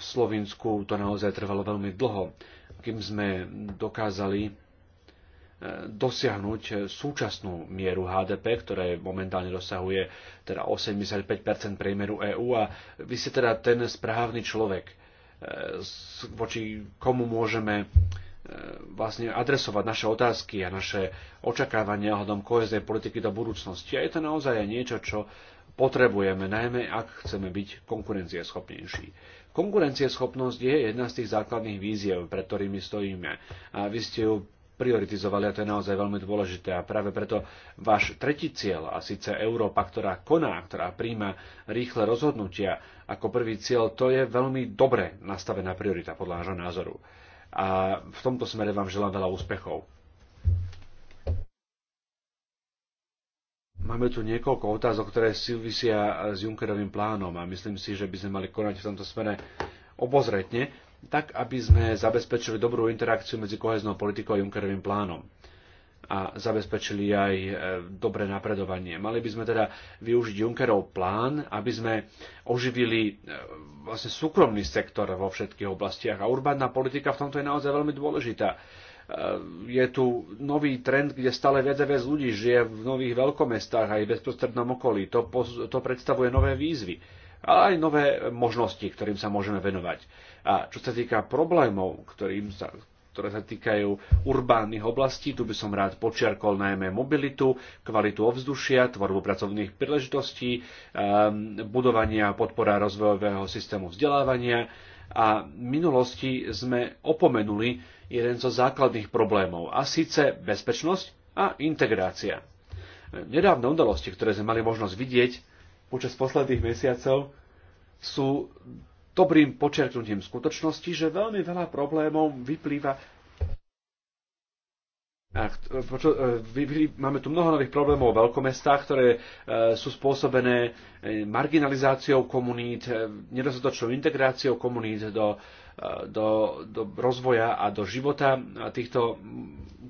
D: Slovensku to naozaj trvalo veľmi dlho, kým sme dokázali e, dosiahnuť súčasnú mieru HDP, ktoré momentálne dosahuje teda 85 priemeru EÚ a vy ste teda ten správny človek, e, voči komu môžeme e, vlastne adresovať naše otázky a naše očakávania ohľadom koheznej politiky do budúcnosti. A je to naozaj niečo, čo potrebujeme, najmä ak chceme byť konkurencieschopnejší. Konkurencieschopnosť je jedna z tých základných víziev, pred ktorými stojíme. A vy ste ju prioritizovali a to je naozaj veľmi dôležité. A práve preto váš tretí cieľ, a síce Európa, ktorá koná, ktorá príjma rýchle rozhodnutia ako prvý cieľ, to je veľmi dobre nastavená priorita podľa nášho názoru. A v tomto smere vám želám veľa úspechov. Máme tu niekoľko otázok, ktoré súvisia s Junckerovým plánom a myslím si, že by sme mali konať v tomto smere obozretne, tak aby sme zabezpečili dobrú interakciu medzi koheznou politikou a Junckerovým plánom a zabezpečili aj e, dobré napredovanie. Mali by sme teda využiť Junckerov plán, aby sme oživili e, vlastne súkromný sektor vo všetkých oblastiach a urbánna politika v tomto je naozaj veľmi dôležitá Ehm, je tu nový trend, kde stále viac a viac ľudí žije v nových veľkomestách aj v bezprostrednom okolí. To, to predstavuje nové výzvy a aj nové možnosti, ktorým sa môžeme venovať. A čo sa týka problémov, ktorým sa, ktoré sa týkajú urbánnych oblastí, tu by som rád počiarkol najmä mobilitu, kvalitu ovzdušia, tvorbu pracovných príležitostí, ehm, budovania a podpora rozvojového systému vzdelávania. A v minulosti sme opomenuli jeden zo základných problémov, a síce bezpečnosť a integrácia. Nedávne udalosti, ktoré sme mali možnosť vidieť počas posledných mesiacov, sú dobrým počerknutím skutočnosti, že veľmi veľa problémov vyplýva e, Máme tu mnoho nových problémov v veľkomestách, ktoré e, sú spôsobené e, marginalizáciou komunít, nedostatočnou integráciou komunít do do, do rozvoja a do života týchto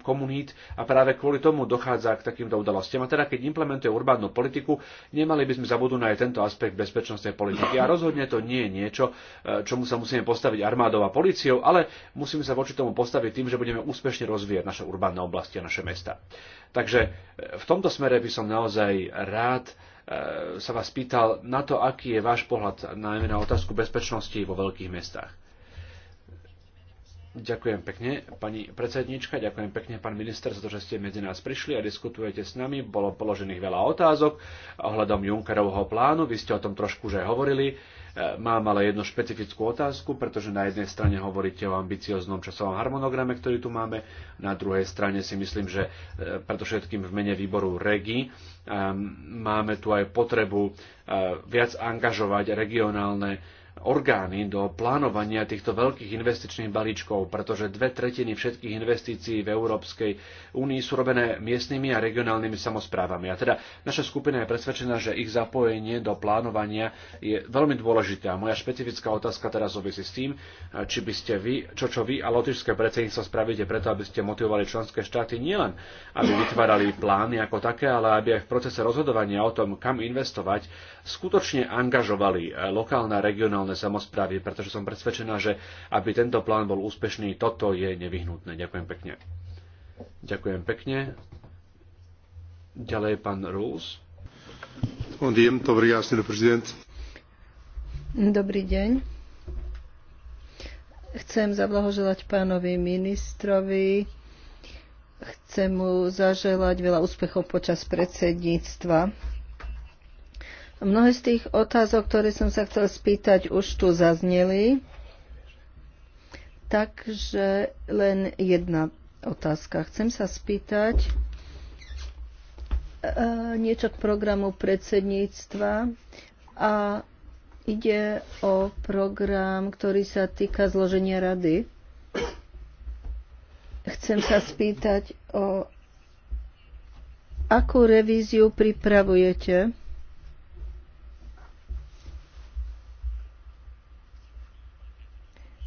D: komunít a práve kvôli tomu dochádza k takýmto udalostiam. A teda keď implementuje urbánnu politiku, nemali by sme zabudnúť aj tento aspekt bezpečnostnej politiky. A rozhodne to nie je niečo, e, čomu sa musíme postaviť armádou a policiou, ale musíme sa voči tomu postaviť tým, že budeme úspešne rozvíjať naše urbánne oblasti a naše mesta. Takže e, v tomto smere by som naozaj rád e, sa vás pýtal na to, aký je váš pohľad najmä na otázku bezpečnosti vo veľkých mestách. Ďakujem pekne, pani predsednička, ďakujem pekne, pán minister, za to, že ste medzi nás prišli a diskutujete s nami. Bolo položených veľa otázok ohľadom Junckerovho plánu, vy ste o tom trošku už aj hovorili. E, mám ale jednu špecifickú otázku, pretože na jednej strane hovoríte o ambicioznom časovom harmonograme, ktorý tu máme, na druhej strane si myslím, že e, preto všetkým v mene výboru REGI e, máme tu aj potrebu viac angažovať regionálne orgány do plánovania týchto veľkých investičných balíčkov, pretože dve tretiny všetkých investícií v Európskej únii sú robené miestnymi a regionálnymi samozprávami. A teda naša skupina je presvedčená, že ich zapojenie do plánovania je veľmi dôležité. A moja špecifická otázka teraz súvisí s tým, či by ste vy, čo čo vy a lotišské predsedníctvo spravíte preto, aby ste motivovali členské štáty nielen, aby vytvárali plány ako také, ale aby aj v procese rozhodovania o tom, kam investovať, skutočne angažovali lokálne a regionálne regionálne samozprávy, pretože som presvedčená, že aby tento plán bol úspešný, toto je nevyhnutné. Ďakujem pekne. Ďakujem pekne. Ďalej pán Rules.
A: Dobrý deň. Chcem zablahoželať pánovi ministrovi. Chcem mu zaželať veľa úspechov počas predsedníctva Mnohé z tých otázok, ktoré som sa chcel spýtať, už tu zazneli. Takže len jedna otázka. Chcem sa spýtať e, niečo k programu predsedníctva a ide o program, ktorý sa týka zloženia rady. Chcem sa spýtať o akú revíziu pripravujete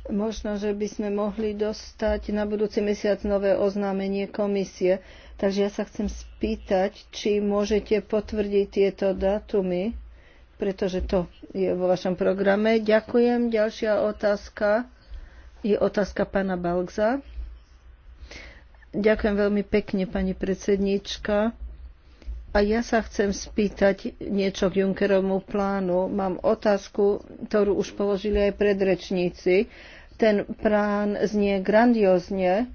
A: Možno, že by sme mohli dostať na budúci mesiac nové oznámenie komisie. Takže ja sa chcem spýtať, či môžete potvrdiť tieto dátumy, pretože to je vo vašom programe. Ďakujem. Ďalšia otázka je otázka pána Balgza. Ďakujem veľmi pekne, pani predsednička. A ja sa chcem spýtať niečo k Junckerovmu plánu. Mám otázku, ktorú už položili aj predrečníci. Ten plán znie grandiózne.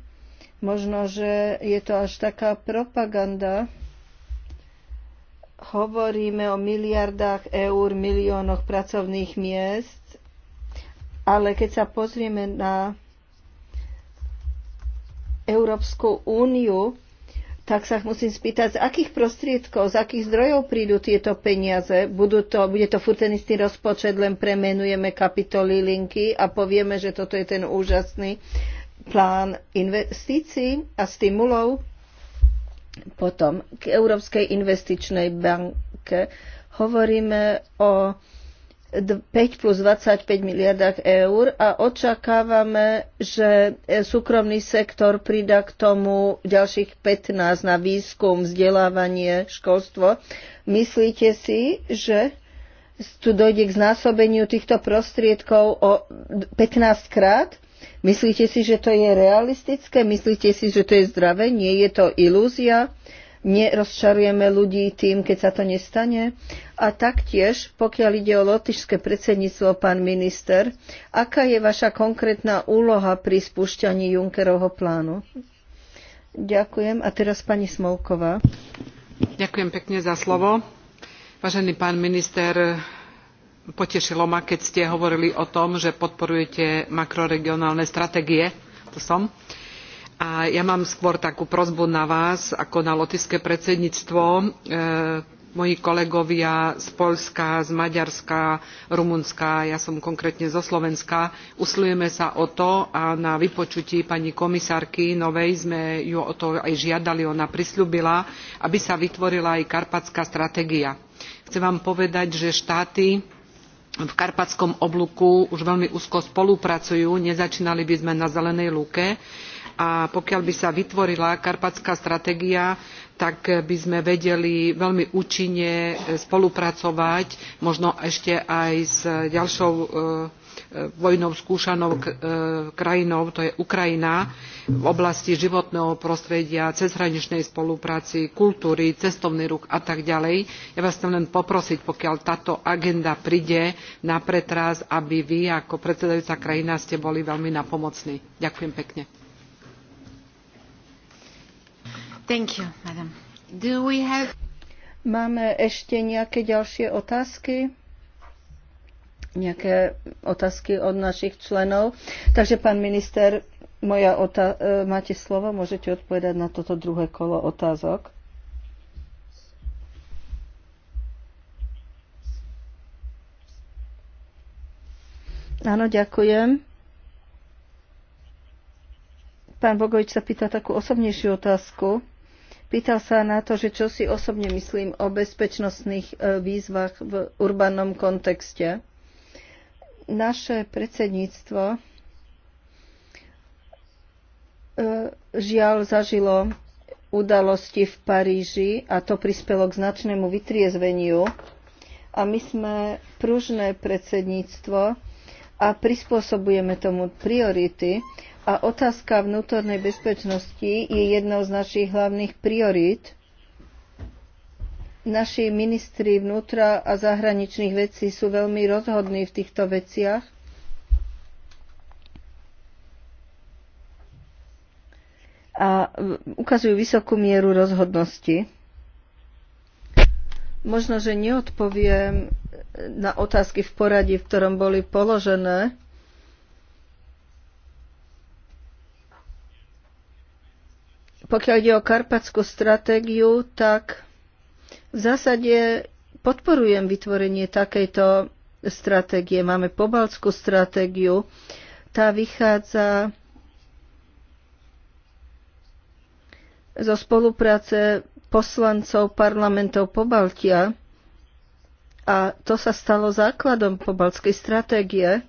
A: Možno, že je to až taká propaganda. Hovoríme o miliardách eur, miliónoch pracovných miest, ale keď sa pozrieme na Európsku úniu, tak sa musím spýtať, z akých prostriedkov, z akých zdrojov prídu tieto peniaze? Budú to, bude to furt ten istý rozpočet, len premenujeme kapitoly linky a povieme, že toto je ten úžasný plán investícií a stimulov. Potom k Európskej investičnej banke hovoríme o 5 plus 25 miliardách eur a očakávame, že súkromný sektor pridá k tomu ďalších 15 na výskum, vzdelávanie, školstvo. Myslíte si, že tu dojde k znásobeniu týchto prostriedkov o 15 krát? Myslíte si, že to je realistické? Myslíte si, že to je zdravé? Nie je to ilúzia? nerozčarujeme ľudí tým, keď sa to nestane? A taktiež, pokiaľ ide o lotyšské predsedníctvo, pán minister, aká je vaša konkrétna úloha pri spúšťaní Junckerovho plánu? Ďakujem. A teraz pani Smolková.
C: Ďakujem pekne za slovo. Vážený pán minister, potešilo ma keď ste hovorili o tom že podporujete makroregionálne stratégie to som. A ja mám skôr takú prosbu na vás, ako na lotyšské predsedníctvo. E, moji kolegovia z Poľska, z Maďarska, Rumunska, ja som konkrétne zo Slovenska. Usilujeme sa o to a na vypočutí pani komisárky novej sme ju o to aj žiadali, ona prisľúbila, aby sa vytvorila aj karpatská stratégia. Chcem vám povedať, že štáty v karpatskom oblúku už veľmi úzko spolupracujú, nezačínali by sme na zelenej lúke a pokiaľ by sa vytvorila karpatská stratégia tak by sme vedeli veľmi účinne e, spolupracovať možno ešte aj s ďalšou e, e, vojnou skúšanou krajinou to je ukrajina v oblasti životného prostredia cezhraničnej spolupráci kultúry cestovný ruch a tak ďalej. ja vás chcem len poprosiť pokiaľ táto agenda príde na pretras aby vy ako predsedajúca krajina ste boli veľmi nápomocní. ďakujem pekne.
A: Máme ešte nejaké ďalšie otázky? Nejaké otázky od našich členov? Takže, pán minister, moja otá- e, máte slovo, môžete odpovedať na toto druhé kolo otázok. Áno, ďakujem. Pán Bogovič sa pýta takú osobnejšiu otázku. Pýtal sa na to, že čo si osobne myslím o bezpečnostných e, výzvach v urbanom kontexte. Naše predsedníctvo e, žiaľ zažilo udalosti v Paríži a to prispelo k značnému vytriezveniu. A my sme pružné predsedníctvo, a prispôsobujeme tomu priority. A otázka vnútornej bezpečnosti je jednou z našich hlavných priorít. Naši ministri vnútra a zahraničných vecí sú veľmi rozhodní v týchto veciach. a ukazujú vysokú mieru rozhodnosti. Možno, že neodpoviem na otázky v poradí, v ktorom boli položené. Pokiaľ ide o karpatskú stratégiu, tak v zásade podporujem vytvorenie takejto stratégie. Máme pobaltskú stratégiu. Tá vychádza zo spolupráce poslancov parlamentov Pobaltia. A to sa stalo základom pobalskej stratégie.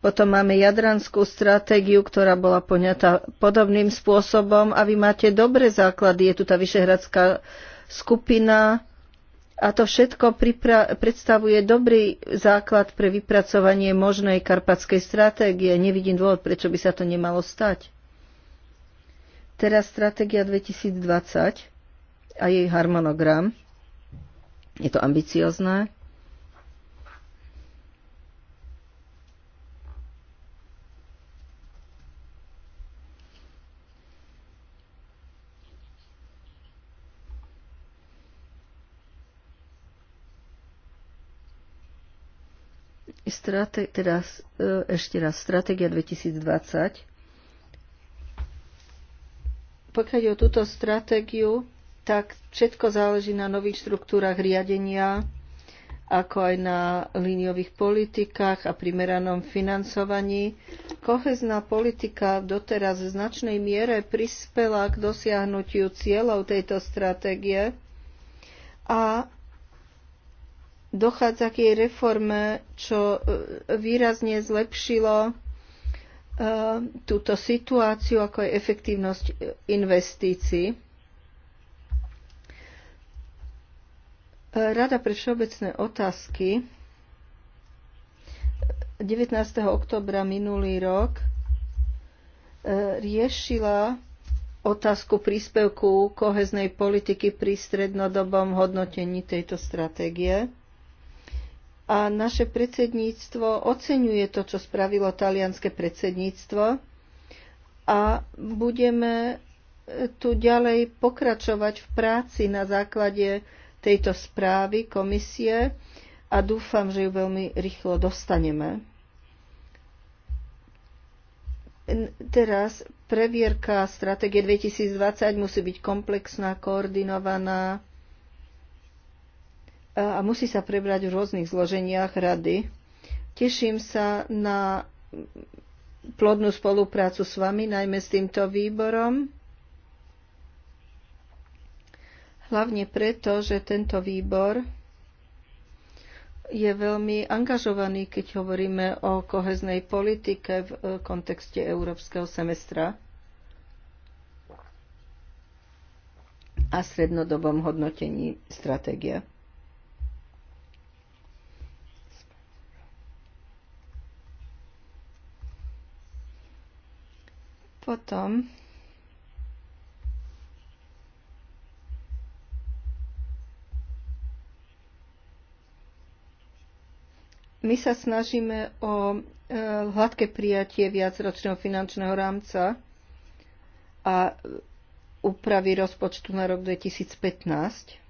A: Potom máme jadranskú stratégiu, ktorá bola poňatá podobným spôsobom a vy máte dobré základy. Je tu tá vyšehradská skupina a to všetko predstavuje dobrý základ pre vypracovanie možnej karpatskej stratégie. Nevidím dôvod, prečo by sa to nemalo stať. Teraz stratégia 2020 a jej harmonogram. Je to ambiciozné. strate- teda, e, ešte raz, stratégia 2020. Pokiaľ je o túto stratégiu, tak všetko záleží na nových štruktúrach riadenia, ako aj na líniových politikách a primeranom financovaní. Kohezná politika doteraz v značnej miere prispela k dosiahnutiu cieľov tejto stratégie a dochádza k jej reforme, čo e, výrazne zlepšilo e, túto situáciu, ako je efektívnosť e, investícií. Rada pre všeobecné otázky 19. oktobra minulý rok riešila otázku príspevku koheznej politiky pri strednodobom hodnotení tejto stratégie a naše predsedníctvo oceňuje to, čo spravilo talianské predsedníctvo a budeme eh, tu ďalej pokračovať v práci na základe tejto správy komisie a dúfam, že ju veľmi rýchlo dostaneme. Teraz previerka stratégie 2020 musí byť komplexná, koordinovaná, a musí sa prebrať v rôznych zloženiach rady. Teším sa na plodnú spoluprácu s vami, najmä s týmto výborom. Hlavne preto, že tento výbor je veľmi angažovaný, keď hovoríme o koheznej politike v e, kontexte európskeho semestra a strednodobom hodnotení stratégie. Potom my sa snažíme o e, hladké prijatie viacročného finančného rámca a úpravy rozpočtu na rok 2015.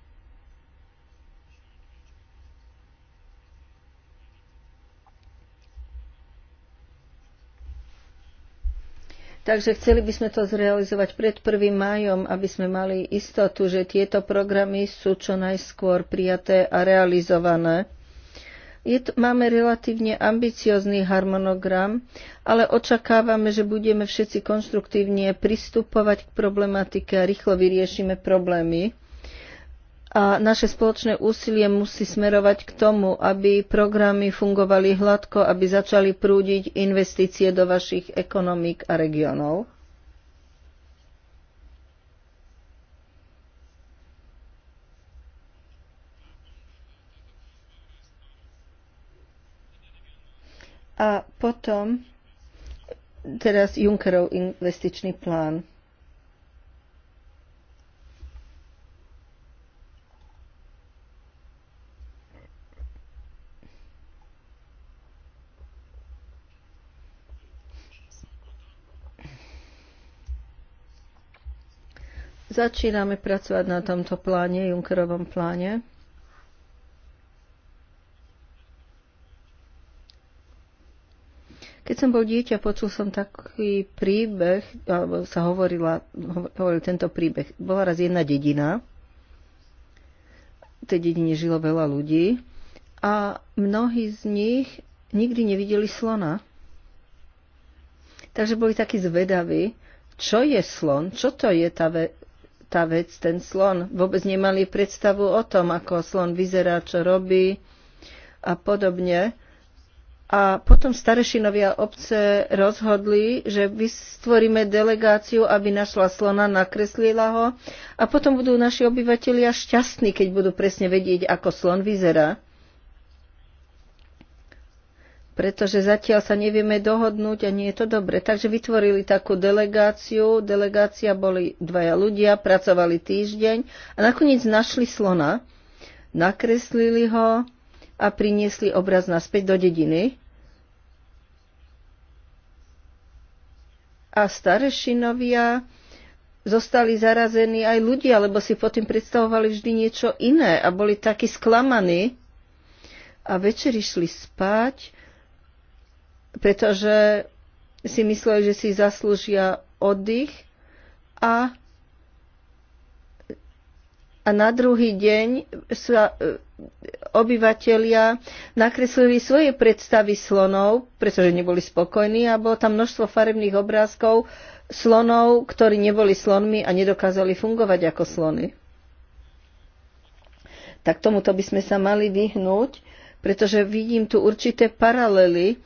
A: Takže chceli by sme to zrealizovať pred 1. májom, aby sme mali istotu, že tieto programy sú čo najskôr prijaté a realizované. Je to, máme relatívne ambiciozný harmonogram, ale očakávame, že budeme všetci konštruktívne pristupovať k problematike a rýchlo vyriešime problémy. A naše spoločné úsilie musí smerovať k tomu, aby programy fungovali hladko, aby začali prúdiť investície do vašich ekonomík a regionov. A potom teraz Junckerov investičný plán. Začíname pracovať na tomto pláne, Junckerovom pláne. Keď som bol dieťa, počul som taký príbeh, alebo sa hovorila, hovoril tento príbeh. Bola raz jedna dedina, v tej dedine žilo veľa ľudí a mnohí z nich nikdy nevideli slona. Takže boli takí zvedaví, čo je slon, čo to je tá tá vec, ten slon. Vôbec nemali predstavu o tom, ako slon vyzerá, čo robí a podobne. A potom starešinovia obce rozhodli, že vystvoríme delegáciu, aby našla slona, nakreslila ho a potom budú naši obyvatelia šťastní, keď budú presne vedieť, ako slon vyzerá pretože zatiaľ sa nevieme dohodnúť a nie je to dobre. Takže vytvorili takú delegáciu, delegácia boli dvaja ľudia, pracovali týždeň a nakoniec našli slona, nakreslili ho a priniesli obraz naspäť do dediny. A starešinovia zostali zarazení aj ľudia, lebo si potom predstavovali vždy niečo iné a boli takí sklamaní. A večer išli spať, pretože si mysleli, že si zaslúžia oddych a, a na druhý deň sa e, obyvatelia nakreslili svoje predstavy slonov, pretože neboli spokojní a bolo tam množstvo farebných obrázkov slonov, ktorí neboli slonmi a nedokázali fungovať ako slony. Tak tomuto by sme sa mali vyhnúť, pretože vidím tu určité paralely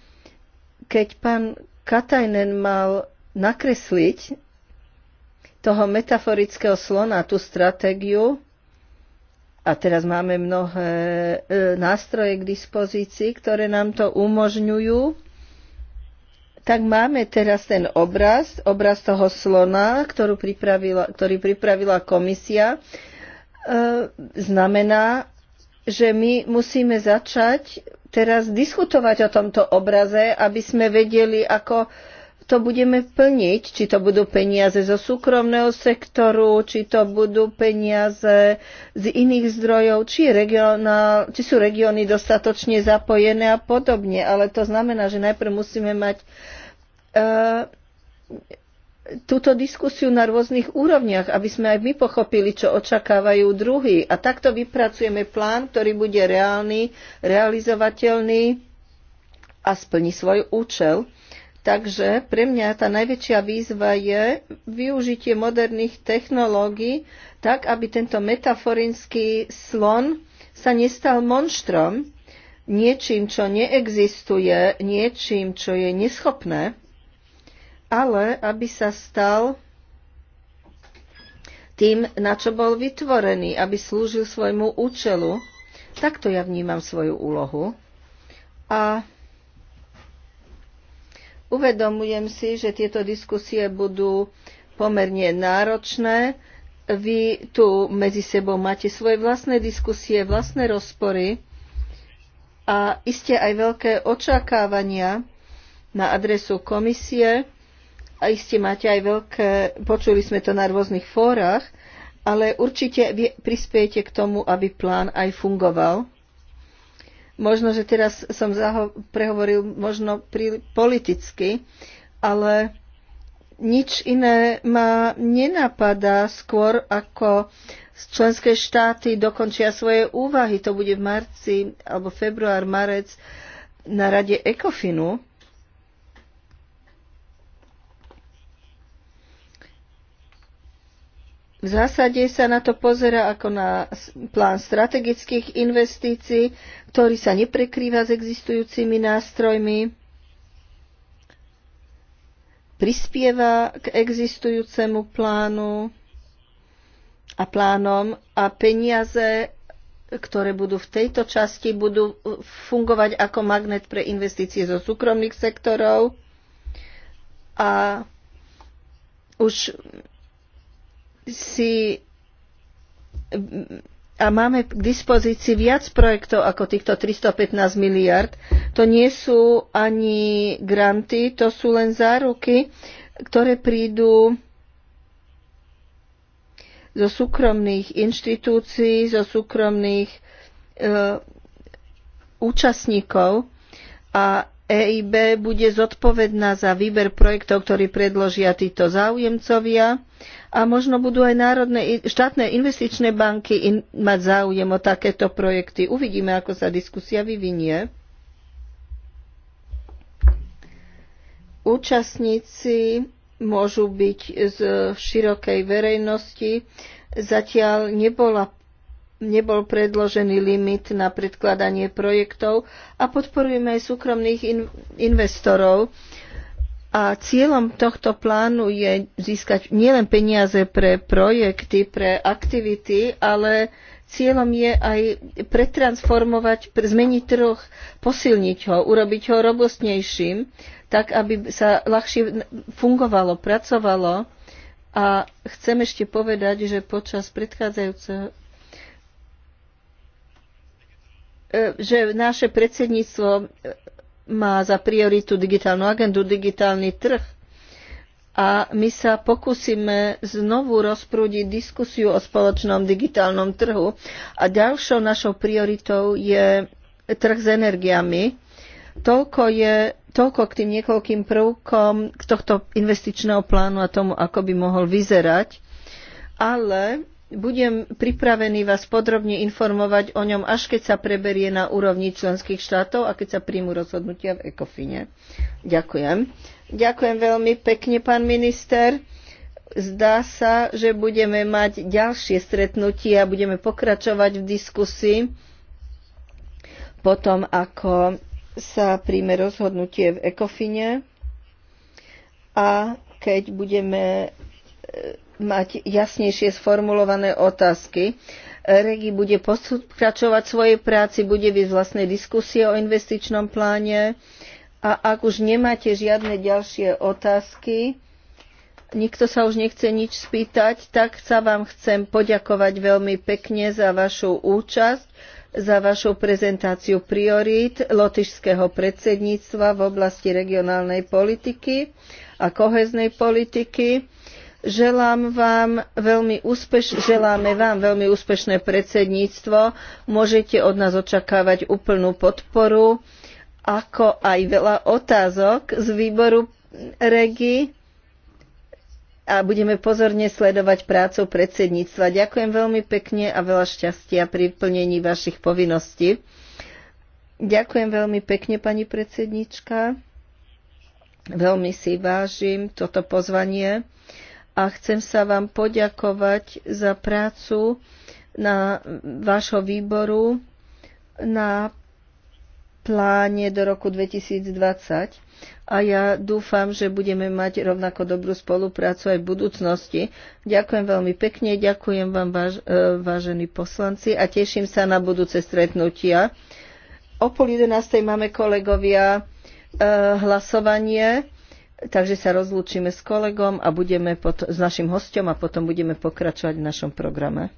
A: keď pán Katajnen mal nakresliť toho metaforického slona, tú stratégiu, a teraz máme mnohé e, nástroje k dispozícii, ktoré nám to umožňujú, tak máme teraz ten obraz, obraz toho slona, ktorú pripravila, ktorý pripravila komisia, e, znamená že my musíme začať teraz diskutovať o tomto obraze, aby sme vedeli, ako to budeme plniť, či to budú peniaze zo súkromného sektoru, či to budú peniaze z iných zdrojov, či, regionál, či sú regióny dostatočne zapojené a podobne. Ale to znamená, že najprv musíme mať uh, túto diskusiu na rôznych úrovniach, aby sme aj my pochopili, čo očakávajú druhý. A takto vypracujeme plán, ktorý bude reálny, realizovateľný a splní svoj účel. Takže pre mňa tá najväčšia výzva je využitie moderných technológií tak, aby tento metaforinský slon sa nestal monštrom, niečím, čo neexistuje, niečím, čo je neschopné ale aby sa stal tým, na čo bol vytvorený, aby slúžil svojmu účelu. Takto ja vnímam svoju úlohu. A uvedomujem si, že tieto diskusie budú pomerne náročné. Vy tu medzi sebou máte svoje vlastné diskusie, vlastné rozpory a iste aj veľké očakávania na adresu komisie a iste máte aj veľké, počuli sme to na rôznych fórach, ale určite vy prispiejete k tomu, aby plán aj fungoval. Možno, že teraz som zaho- prehovoril možno pri- politicky, ale nič iné ma nenapadá skôr ako členské štáty dokončia svoje úvahy. To bude v marci alebo február, marec na rade Ekofinu. V zásade sa na to pozera ako na plán strategických investícií, ktorý sa neprekrýva s existujúcimi nástrojmi, prispieva k existujúcemu plánu a plánom a peniaze, ktoré budú v tejto časti, budú e, fungovať ako magnet pre investície zo súkromných sektorov a už si a máme k dispozícii viac projektov ako týchto 315 miliard. To nie sú ani granty, to sú len záruky, ktoré prídu zo súkromných inštitúcií, zo súkromných e, účastníkov a EIB bude zodpovedná za výber projektov, ktorý predložia títo záujemcovia a možno budú aj národné štátne investičné banky in, mať záujem o takéto projekty. Uvidíme, ako sa diskusia vyvinie. Účastníci môžu byť z širokej verejnosti. Zatiaľ nebola nebol predložený limit na predkladanie projektov a podporujeme aj súkromných in- investorov. A cieľom tohto plánu je získať nielen peniaze pre projekty, pre aktivity, ale cieľom je aj pretransformovať, zmeniť trh, posilniť ho, urobiť ho robustnejším, tak aby sa ľahšie fungovalo, pracovalo. A chcem ešte povedať, že počas predchádzajúceho E, že naše predsedníctvo e, má za prioritu digitálnu agendu, digitálny trh. A my sa pokúsime znovu rozprúdiť diskusiu o spoločnom digitálnom trhu. A ďalšou našou prioritou je trh s energiami. Toľko, je, toľko k tým niekoľkým prvkom k tohto investičného plánu a tomu, ako by mohol vyzerať. Ale budem pripravený vás podrobne informovať o ňom, až keď sa preberie na úrovni členských štátov a keď sa príjmu rozhodnutia v ECOFINE. Ďakujem. Ďakujem veľmi pekne, pán minister. Zdá sa, že budeme mať ďalšie stretnutie a budeme pokračovať v diskusii potom, ako sa príjme rozhodnutie v ECOFINE a keď budeme mať jasnejšie sformulované otázky. Regi bude pokračovať svojej práci, bude viesť vlastné diskusie o investičnom pláne a ak už nemáte žiadne ďalšie otázky, nikto sa už nechce nič spýtať, tak sa vám chcem poďakovať veľmi pekne za vašu účasť, za vašu prezentáciu priorít lotyšského predsedníctva v oblasti regionálnej politiky a koheznej politiky Želám vám veľmi úspeš, želáme vám veľmi úspešné predsedníctvo. Môžete od nás očakávať úplnú podporu, ako aj veľa otázok z výboru REGI a budeme pozorne sledovať prácu predsedníctva. Ďakujem veľmi pekne a veľa šťastia pri plnení vašich povinností. Ďakujem veľmi pekne, pani predsednička. Veľmi si vážim toto pozvanie a chcem sa vám poďakovať za prácu na vašho výboru na pláne do roku 2020 a ja dúfam, že budeme mať rovnako dobrú spoluprácu aj v budúcnosti. Ďakujem veľmi pekne, ďakujem vám, váž, e, vážení poslanci a teším sa na budúce stretnutia. O pol 11. máme kolegovia e, hlasovanie Takže sa rozlúčime s kolegom a budeme s našim hostom a potom budeme pokračovať v našom programe.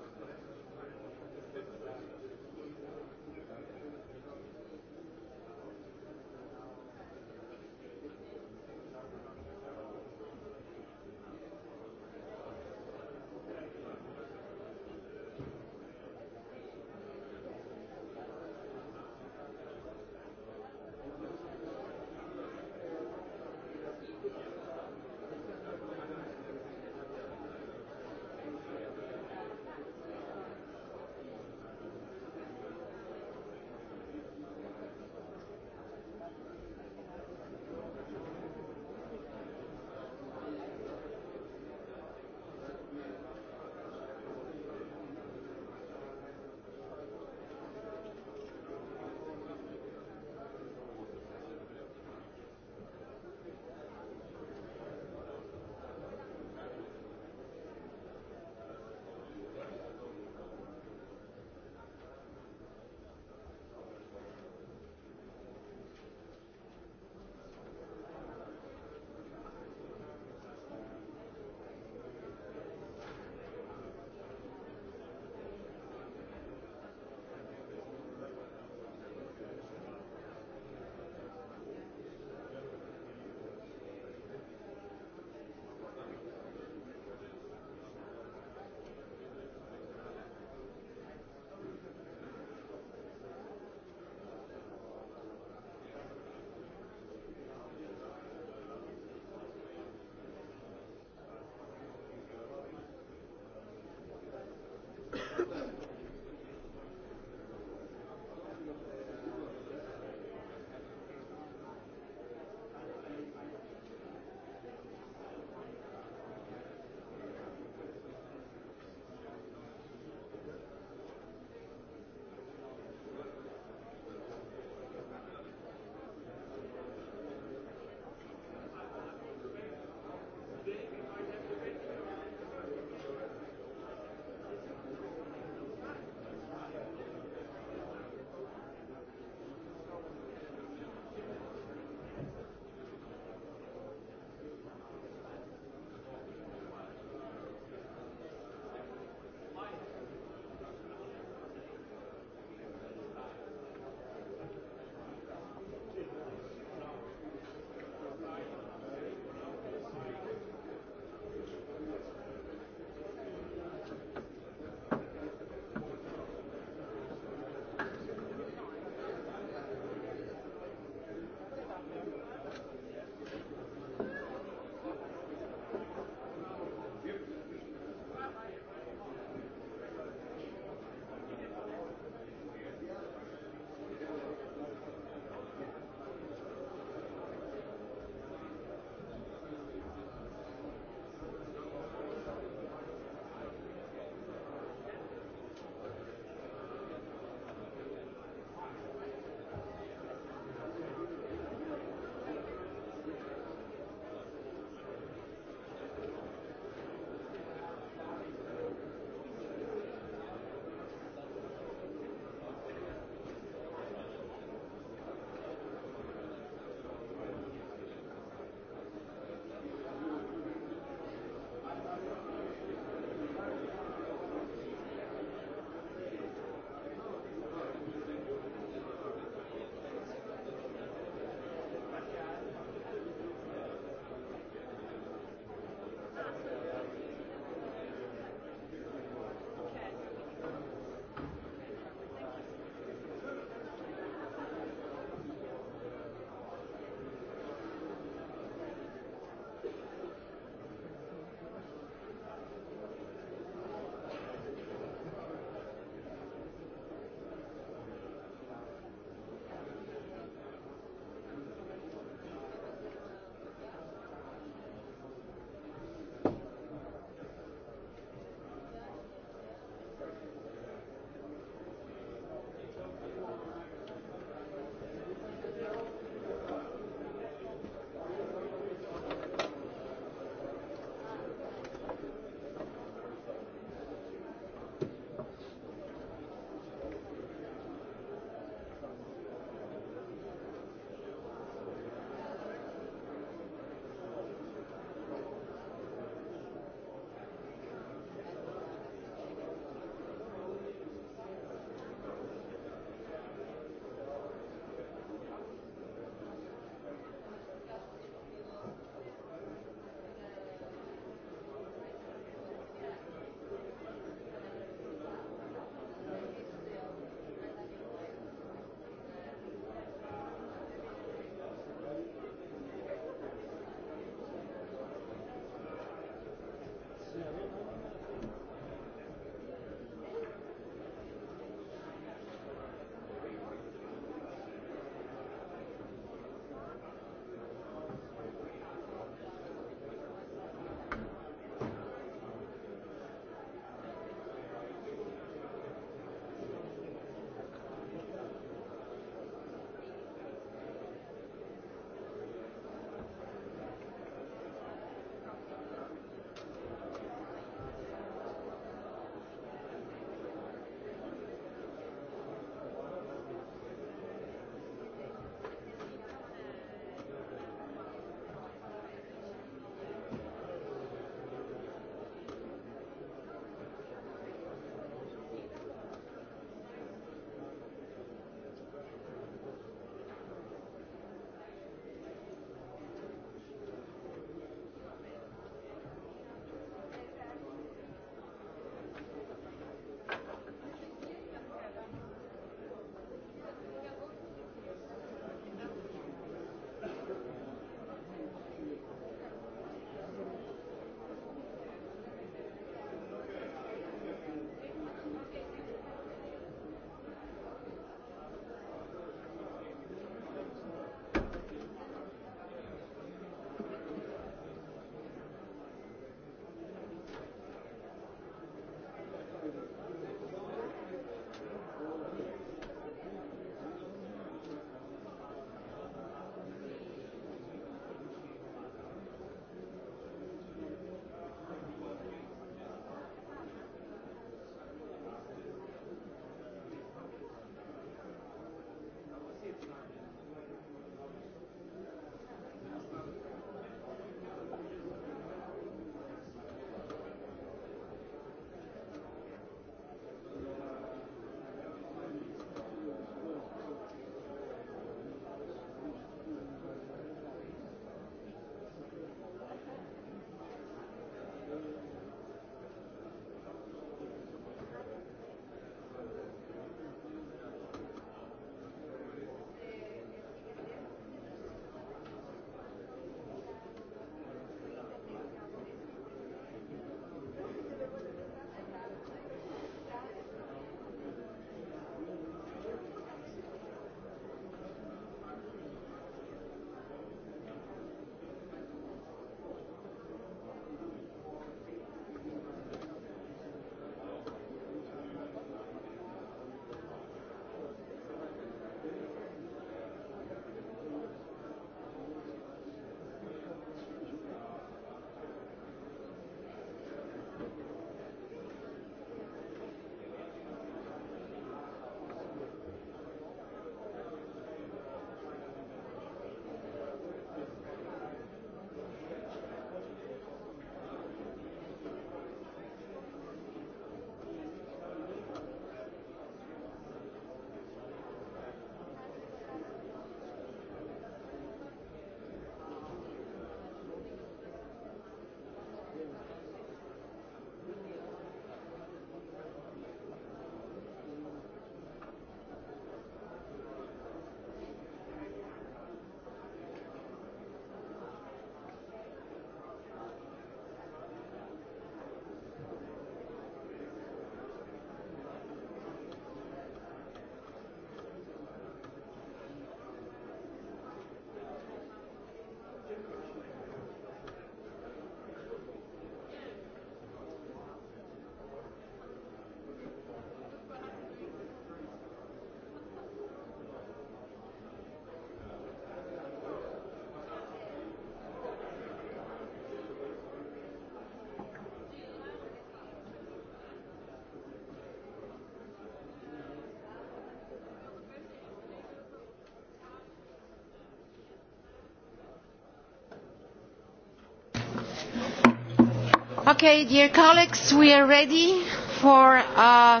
C: Okay, dear colleagues, we are ready for, uh,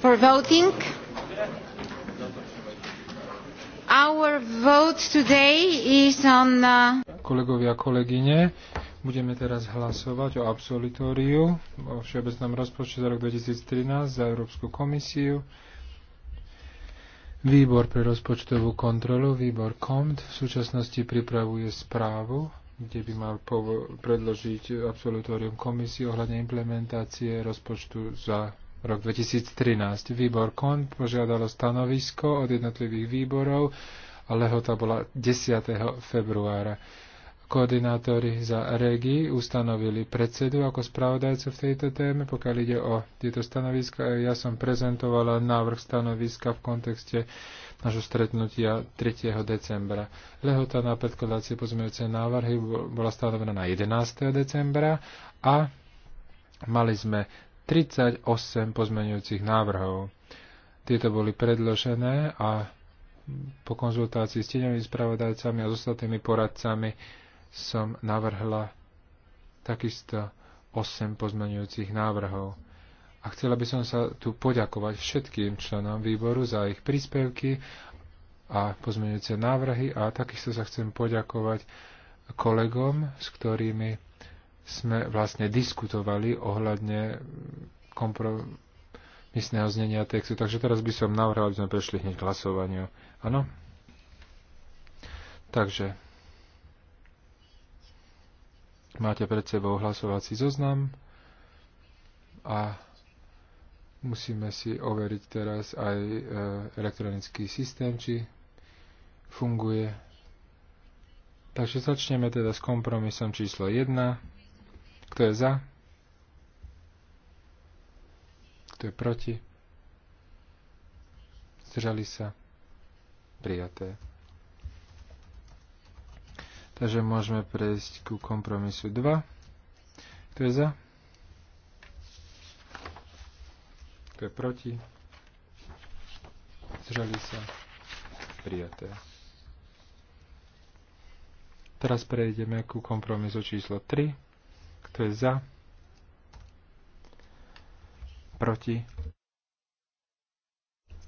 C: for voting. Our vote today is on... Uh...
B: Kolegovia, kolegyne, budeme teraz hlasovať o absolutóriu o Všeobecnom rozpočte za rok 2013 za Európsku komisiu. Výbor pre rozpočtovú kontrolu, výbor KOMT, v súčasnosti pripravuje správu kde by mal predložiť absolutórium komisii ohľadne implementácie rozpočtu za rok 2013. Výbor KON požiadalo stanovisko od jednotlivých výborov a lehota bola 10. februára. Koordinátori za REGI ustanovili predsedu ako spravodajcu v tejto téme, pokiaľ ide o tieto stanoviska. Ja som prezentovala návrh stanoviska v kontexte nášho stretnutia 3. decembra. Lehota na predkladacie pozmejúce návrhy bola stanovená na 11. decembra a mali sme 38 pozmeňujúcich návrhov. Tieto boli predložené a po konzultácii s tieňovými spravodajcami a s ostatnými poradcami som navrhla takisto 8 pozmenujúcich návrhov. A chcela by som sa tu poďakovať všetkým členom výboru za ich príspevky a pozmenujúce návrhy a takisto sa chcem poďakovať kolegom, s ktorými sme vlastne diskutovali ohľadne kompromisného znenia textu. Takže teraz by som navrhal, aby sme prešli hneď k hlasovaniu. Áno? Takže Máte pred sebou hlasovací zoznam a musíme si overiť teraz aj e, elektronický systém, či funguje. Takže začneme teda s kompromisom číslo 1. Kto je za? Kto je proti? Zdržali sa? Prijaté. Takže môžeme prejsť ku kompromisu 2. Kto je za? Kto je proti? Zdržali sa? Prijaté. Teraz prejdeme ku kompromisu číslo 3. Kto je za? Proti?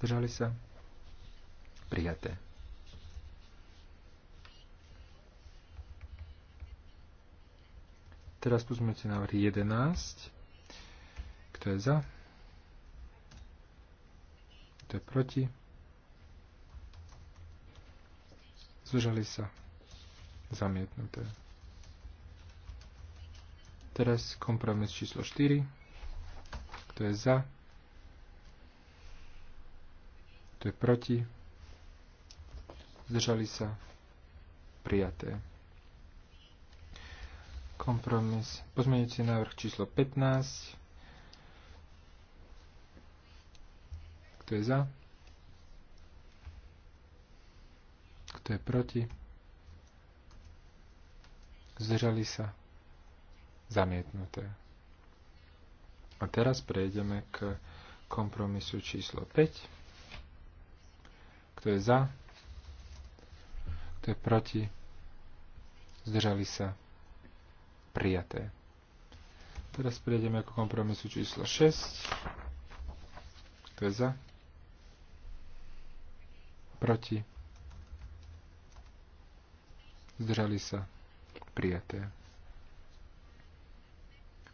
B: Zdržali sa? Prijaté. Teraz si návrh 11. Kto je za? Kto je proti? Zdržali sa. Zamietnuté. Teraz kompromis číslo 4. Kto je za? Kto je proti? Zdržali sa. Prijaté. Kompromis. Pozmeňujúci návrh číslo 15. Kto je za? Kto je proti? Zdržali sa? Zamietnuté. A teraz prejdeme k kompromisu číslo 5. Kto je za? Kto je proti? Zdržali sa? prijaté. Teraz prejdeme k kompromisu číslo 6. Kto je za? Proti? Zdržali sa? Prijaté.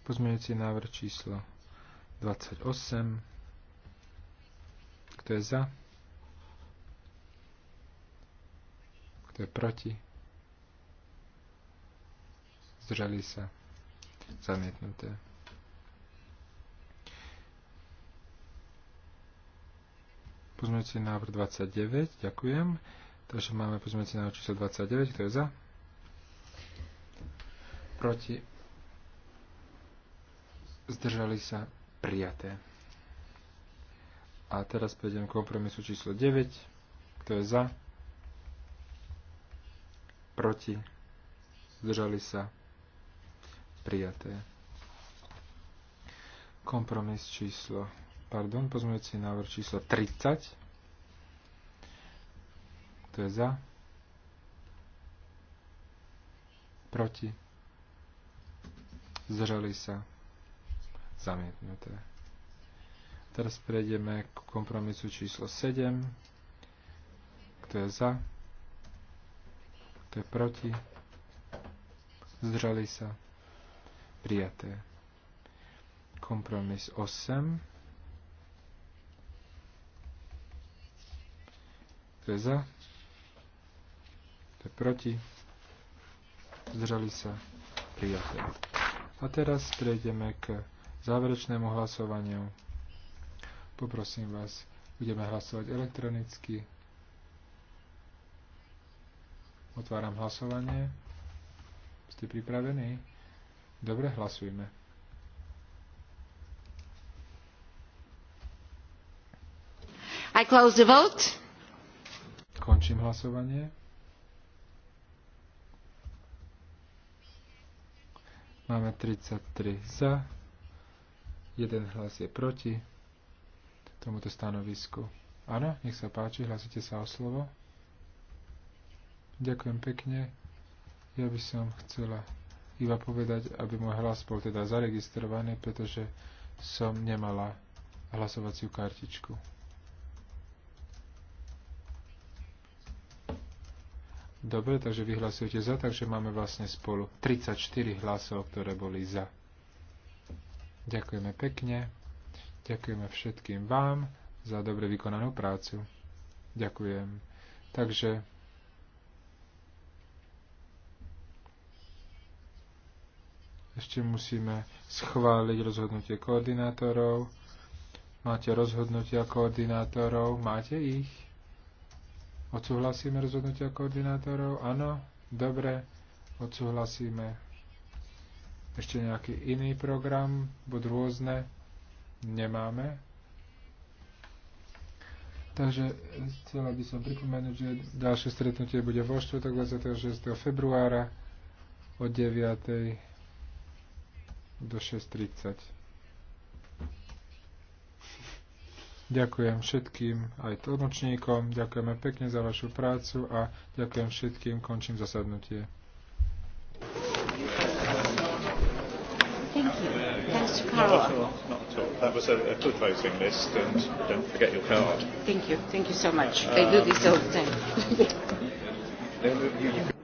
B: Pozmeňujúci návrh číslo 28. Kto je za? Kto je proti? zdržali sa, zamietnuté. Pozmeňujúci návrh 29, ďakujem. Takže máme pozmeňujúci návrh číslo 29, kto je za? Proti? Zdržali sa prijaté. A teraz prejdem k kompromisu číslo 9, kto je za? Proti? Zdržali sa prijaté prijaté. Kompromis číslo, pardon, pozmeňujúci návrh číslo 30. To je za. Proti. Zdržali sa. Zamietnuté. Teraz prejdeme k kompromisu číslo 7. Kto je za? Kto je proti? Zdržali sa prijaté. Kompromis 8. To je za. To je proti. Zdržali sa prijaté. A teraz prejdeme k záverečnému hlasovaniu. Poprosím vás, budeme hlasovať elektronicky. Otváram hlasovanie. Ste pripravení? Dobre, hlasujme.
C: I close the vote.
B: Končím hlasovanie. Máme 33 za, jeden hlas je proti tomuto stanovisku. Áno, nech sa páči, hlasíte sa o slovo. Ďakujem pekne. Ja by som chcela iba povedať, aby môj hlas bol teda zaregistrovaný, pretože som nemala hlasovaciu kartičku. Dobre, takže vyhlasujete za, takže máme vlastne spolu 34 hlasov, ktoré boli za. Ďakujeme pekne, ďakujeme všetkým vám za dobre vykonanú prácu. Ďakujem. Takže Ešte musíme schváliť rozhodnutie koordinátorov. Máte rozhodnutia koordinátorov? Máte ich? Odsúhlasíme rozhodnutia koordinátorov? Áno? Dobre. Odsúhlasíme. Ešte nejaký iný program? Buď rôzne? Nemáme. Takže chcela by som pripomenúť, že ďalšie stretnutie bude vo štvrtok 26. februára o 9 do 6.30. Ďakujem všetkým aj tlmočníkom, ďakujeme pekne za vašu prácu a ďakujem všetkým, končím zasadnutie.
C: Thank you. Thanks to Carla.
E: Not at all. That was a, a good voting list, and don't forget your card.
C: Thank you. Thank you so much. Um, uh, I do this all the time.
E: (laughs)